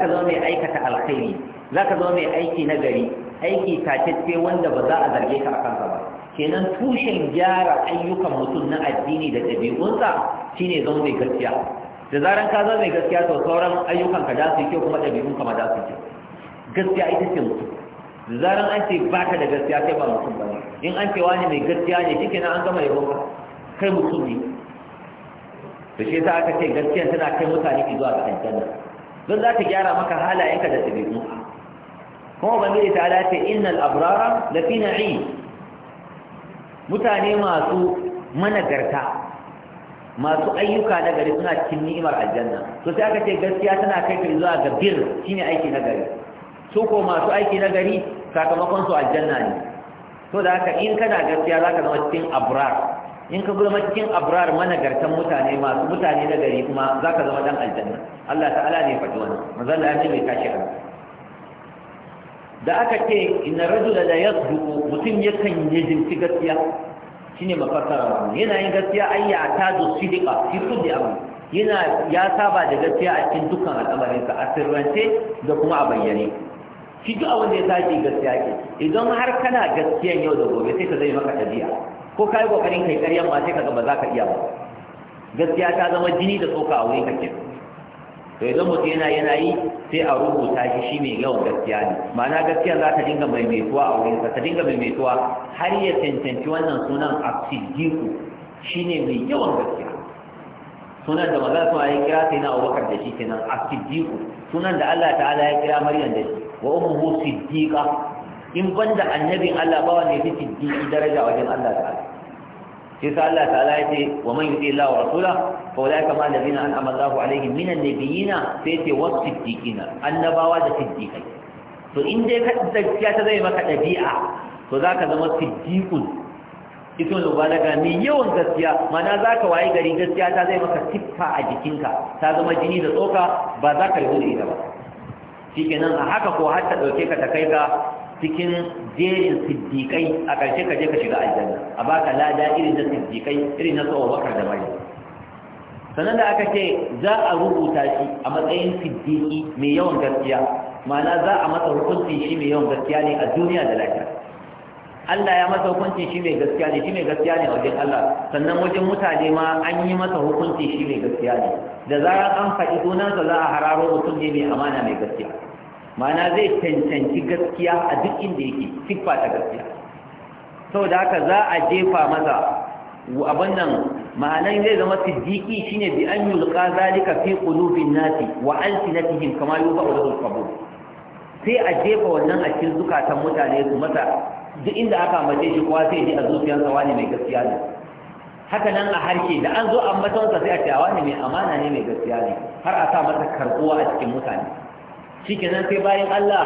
zama mai aikata alkhairi za ka zama mai aiki na gari aiki tatacce wanda ba za a zarge ka akan ba kenan tushen gyara ayyukan mutum na addini da ɗabi'unsa shine zama mai gaskiya da zaran ka zama mai gaskiya to sauran ayyukan ka da su kyau kuma ɗabi'un ka ma da su kyau gaskiya ita ce mutum da zaran an ce ba ka da gaskiya kai ba mutum ba ne in an ce wani mai gaskiya ne shi kenan an gama yabo ka kai mutum ne da shi ta aka ce gaskiya tana kai mutane zuwa ga aljanna don za ta gyara maka halayenka da ɗabi'unka kuma ubangiji ta ala ce innal abrara la fi na'im mutane masu managarta masu ayyuka na gari suna cikin ni'imar aljanna to sai aka ce gaskiya tana kai ka zuwa ga bir shine aiki na gari su ko masu aiki na gari sakamakon su aljanna ne to da haka in kana gaskiya zaka zama cikin abrar in ka zama cikin abrar managartan mutane masu mutane na gari kuma zaka zama dan aljanna Allah ta'ala ne faɗi wannan manzo Allah ya ce kashi Allah da aka ce inna rajula la yasduqu mutum yakan yi jinci gaskiya shine mafassara yana yin gaskiya ai ta zo sidiqa fi kulli amr yana ya saba da gaskiya a cikin dukkan al'amarinsa a sirrance da kuma a bayyane shi duk abin da ya tashi gaskiya ke idan har kana gaskiyan yau da gobe sai ka zai maka ɗabi'a ko ka yi ƙoƙarin kai ƙaryan ma sai ka ga ba za ka iya ba gaskiya ta zama jini da tsoka a wurin ka kenan to idan mutum yana yana sai a rubuta shi shi mai yawan gaskiya ne ma'ana gaskiya za ta dinga maimaituwa a wurin ka ta dinga maimaituwa har ya cancanci wannan sunan shi ne mai yawan gaskiya sunan da maza suna ya kira sai na abubakar da shi kenan asidiku sunan da Allah ta'ala ya kira maryam da shi wa ummuhu siddiqa in banda annabin Allah ba wanda ya fi siddiqi daraja wajen Allah ta'ala shi sa Allah ta'ala ya ce wa man yuti Allah wa rasula fa wala kama an amallahu alaihi min minan nabiyina sai ce wa siddiqina annabawa da siddiqai to in dai ka gaskiya ta zai maka dabi'a to zaka zama siddiqun isin lubalaga mai yawan gaskiya mana zaka wayi gari gaskiya ta zai maka tippa a jikinka ta zama jini da tsoka ba za ka yi ita ba shi kenan a haka ko har ta dauke ka ta kai ka cikin jerin siddiƙai a ƙarshe ka je ka shiga aljanna a baka lada irin na siddiƙai irin na tsawon bakar da mai sannan da aka ce za a rubuta shi a matsayin siddiƙi mai yawan gaskiya ma'ana za a masa hukunci shi mai yawan gaskiya ne a duniya da lafiya Allah ya masa hukunci shi mai gaskiya ne shi mai gaskiya ne wajen Allah sannan wajen mutane ma an yi masa hukunci shi mai gaskiya ne da zarar an faɗi sunansa za a hararo mutum ne mai amana mai gaskiya ma'ana zai cancanci gaskiya a duk inda yake siffa ta gaskiya Sau da haka za a jefa masa abin nan ma'anan zai zama shi ne bi an yulqa zalika fi qulubin nati wa alsinatihim kama yi ba al-qabul sai a jefa wannan a cikin zukatan mutane su mata duk inda aka mace shi kowa sai ji a zuciyarsa wani mai gaskiya ne haka nan a harshe da an zo a matansa sai a ce wani mai amana ne mai gaskiya ne har a sa masa karbuwa a cikin mutane shikenan sai bayan Allah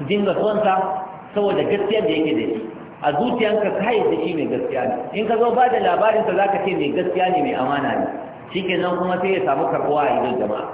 su dinga sonsa saboda gaskiyar da yake da shi a zuciyanka ka yi da shi mai gaskiya ne in ka zo ba da labarinsa za ka ce mai gaskiya ne mai amana ne shikenan kuma sai ya samu karɓuwa a idan jama'a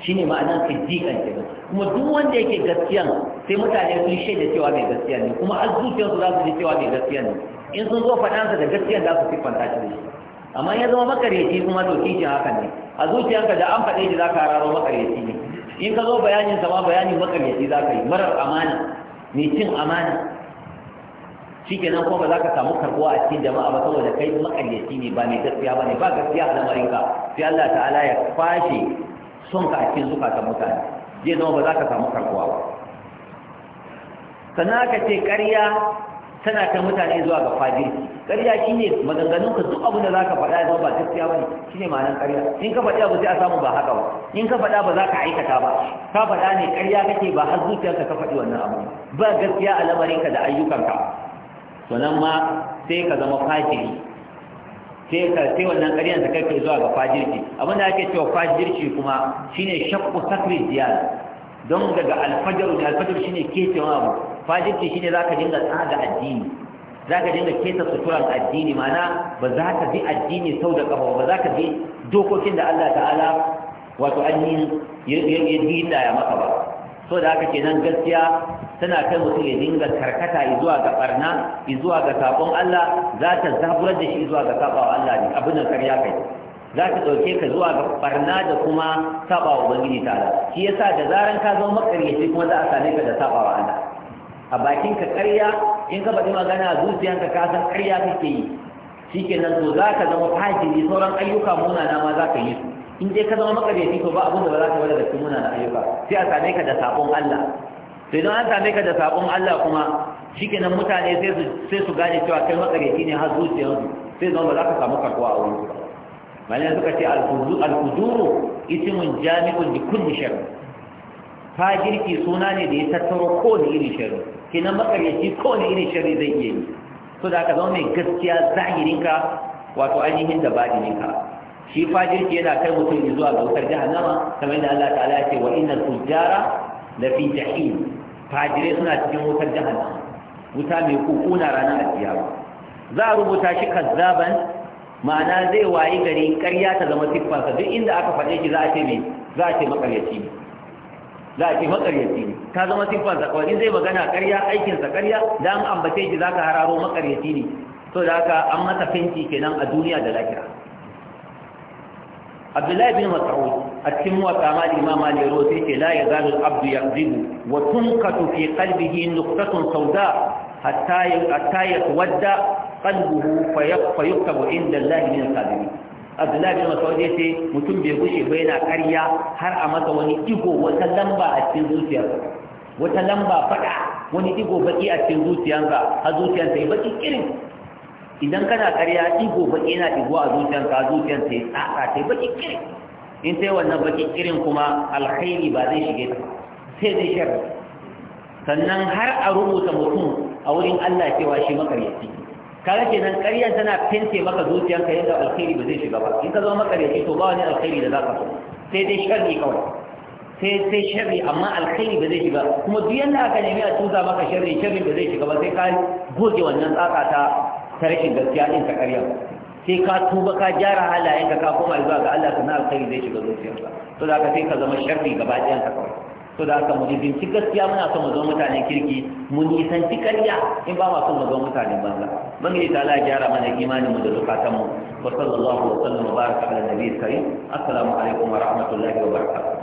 shi ne ma'anar siddiƙan ke kuma duk wanda yake gaskiyan sai mutane sun shaida cewa mai gaskiya ne kuma a zuciyarsu za su ji cewa mai gaskiya ne in sun zo faɗansa da gaskiyan za su siffanta shi da shi amma ya zama makareci kuma to kishin hakan ne a zuciyarka da an faɗe shi za ka raro makareci ne in ka zo bayanin sa ma bayanin makareci za ka yi marar amana mai cin amana shi nan kuma ba za ka samu karkuwa a cikin jama'a ba saboda kai makareci ne ba mai gaskiya ba ne ba gaskiya a lamarinka sai Allah ta'ala ya kwashe son ka a cikin zukatan mutane zai zama ba za ka samu karkuwa ba sannan aka ce ƙarya tana kan mutane zuwa ga fajirki ƙarya shine maganganun ka duk abin da ka faɗa ya zama ba gaskiya bane shine ma'anar ƙarya in ka faɗi abu sai a samu ba haka ba in ka faɗa ba za ka aikata ba ka faɗa ne ƙarya kake ba har zuciyarka ka faɗi wannan abu ba gaskiya a lamarinka da ayyukanka to nan ma sai ka zama fajiri sai ka sai wannan ƙaryan ta kai zuwa ga fajirki abin da ake cewa fajirki kuma shine shakku sakri diyal don daga alfajar da alfajar shine ke cewa abu fajirci za zaka dinga tsaga addini ka dinga kesa suturan addini mana ba za ka bi addini sau da kafa ba za ka bi dokokin da Allah ta'ala wato annin ya dinda ya maka ba so da haka kenan gaskiya tana kai mutum ya dinga karkata zuwa ga barna zuwa ga sabon Allah za ta zaburar da shi zuwa ga sabawa Allah ne abin karya kai za ta ɗauke ka zuwa ga barna da kuma saba wa ubangiji ta'ala shi yasa da zaran ka zo makaryaci kuma za a same ka da saba wa Allah a bakin ka ƙarya in ka faɗi magana a zuciyanka ka san ƙarya kake yi nan to za ka zama fajiri sauran ayyuka na ma za ka yi su in dai ka zama makaryaci to ba abin da ba za ka bada da muna na ayyuka sai a same ka da sabon Allah to idan an same ka da sabon Allah kuma nan mutane sai su sai su gane cewa kai makaryaci ne har zuciyarsu sai zama ba za ka samu karkuwa a wurin su ba malai suka ce al-fuzuru ismun jami'un li kulli shar fajirki suna ne da ya tattaro kowane irin shari kenan makaryaci kowane irin shari zai iya yi Su da aka zama mai gaskiya zahirinka wato ainihin da badininka shi fajirki yana kai mutum zuwa ga wutar jahannama kamar da Allah ta'ala ya ce wa innal fujjara la fi jahim fajire suna cikin wutar jahannama wuta mai kukuna ranar alkiyama za a rubuta shi kazzaban ma'ana zai wayi gari ƙarya ta zama siffarsa duk inda aka faɗe shi za a ce mai za a ce makaryaci ne za a ce makaryaci ne ta zama siffar sa kawai zai magana karya aikin sa karya da an ambace shi zaka hararo makaryaci ne to da haka an masa fenti kenan a duniya da lahira Abdullahi bin Mas'ud a cikin wata ma Imam Ali ro sai ce la yazalu al-abdu yakzibu wa tunkatu fi qalbihi nuqtatun sawda hatta yatawadda qalbuhu fa yaktabu inda Allah min al abdullahi bin masaud ya ce mutum bai gushe ba yana karya har a masa wani digo wata lamba a cikin zuciyar wata lamba faɗa wani digo baki a cikin zuciyarsa a zuciyarsa ya baki irin idan kana karya digo baki yana digo a zuciyarsa a zuciyarsa ya tsaka ta yi baki irin in sai wannan baki irin kuma alkhairi ba zai shige ta sai zai shar sannan har a rubuta mutum a wurin Allah cewa shi makaryaci ke nan ƙaryan tana fente maka zuciyarka yadda alkhairi ba zai shiga ba in ka zama makaryaci to ba wani alkhairi da zaka so sai dai sharri kawai sai sai sharri amma alkhairi ba zai shiga kuma duk yanda aka nemi a tuza maka sharri sharri ba zai shiga ba sai ka goge wannan tsaka ta ta rashin gaskiya din ta ƙarya sai ka tuba ka gyara halayenka ka koma zuwa ga Allah kana alkhairi zai shiga zuciyarka to da ka sai ka zama sharri gaba ɗayan ka kawai to da haka mu jibinci gaskiya muna son mu zama mutane kirki mu nisanci karya in ba ma son mu zama mutane banza bangare ta Allah gyara mana imanin mu da zukatan mu wa sallallahu wa sallam wa baraka ala nabiyyi karim assalamu alaikum wa rahmatullahi wa barakatuh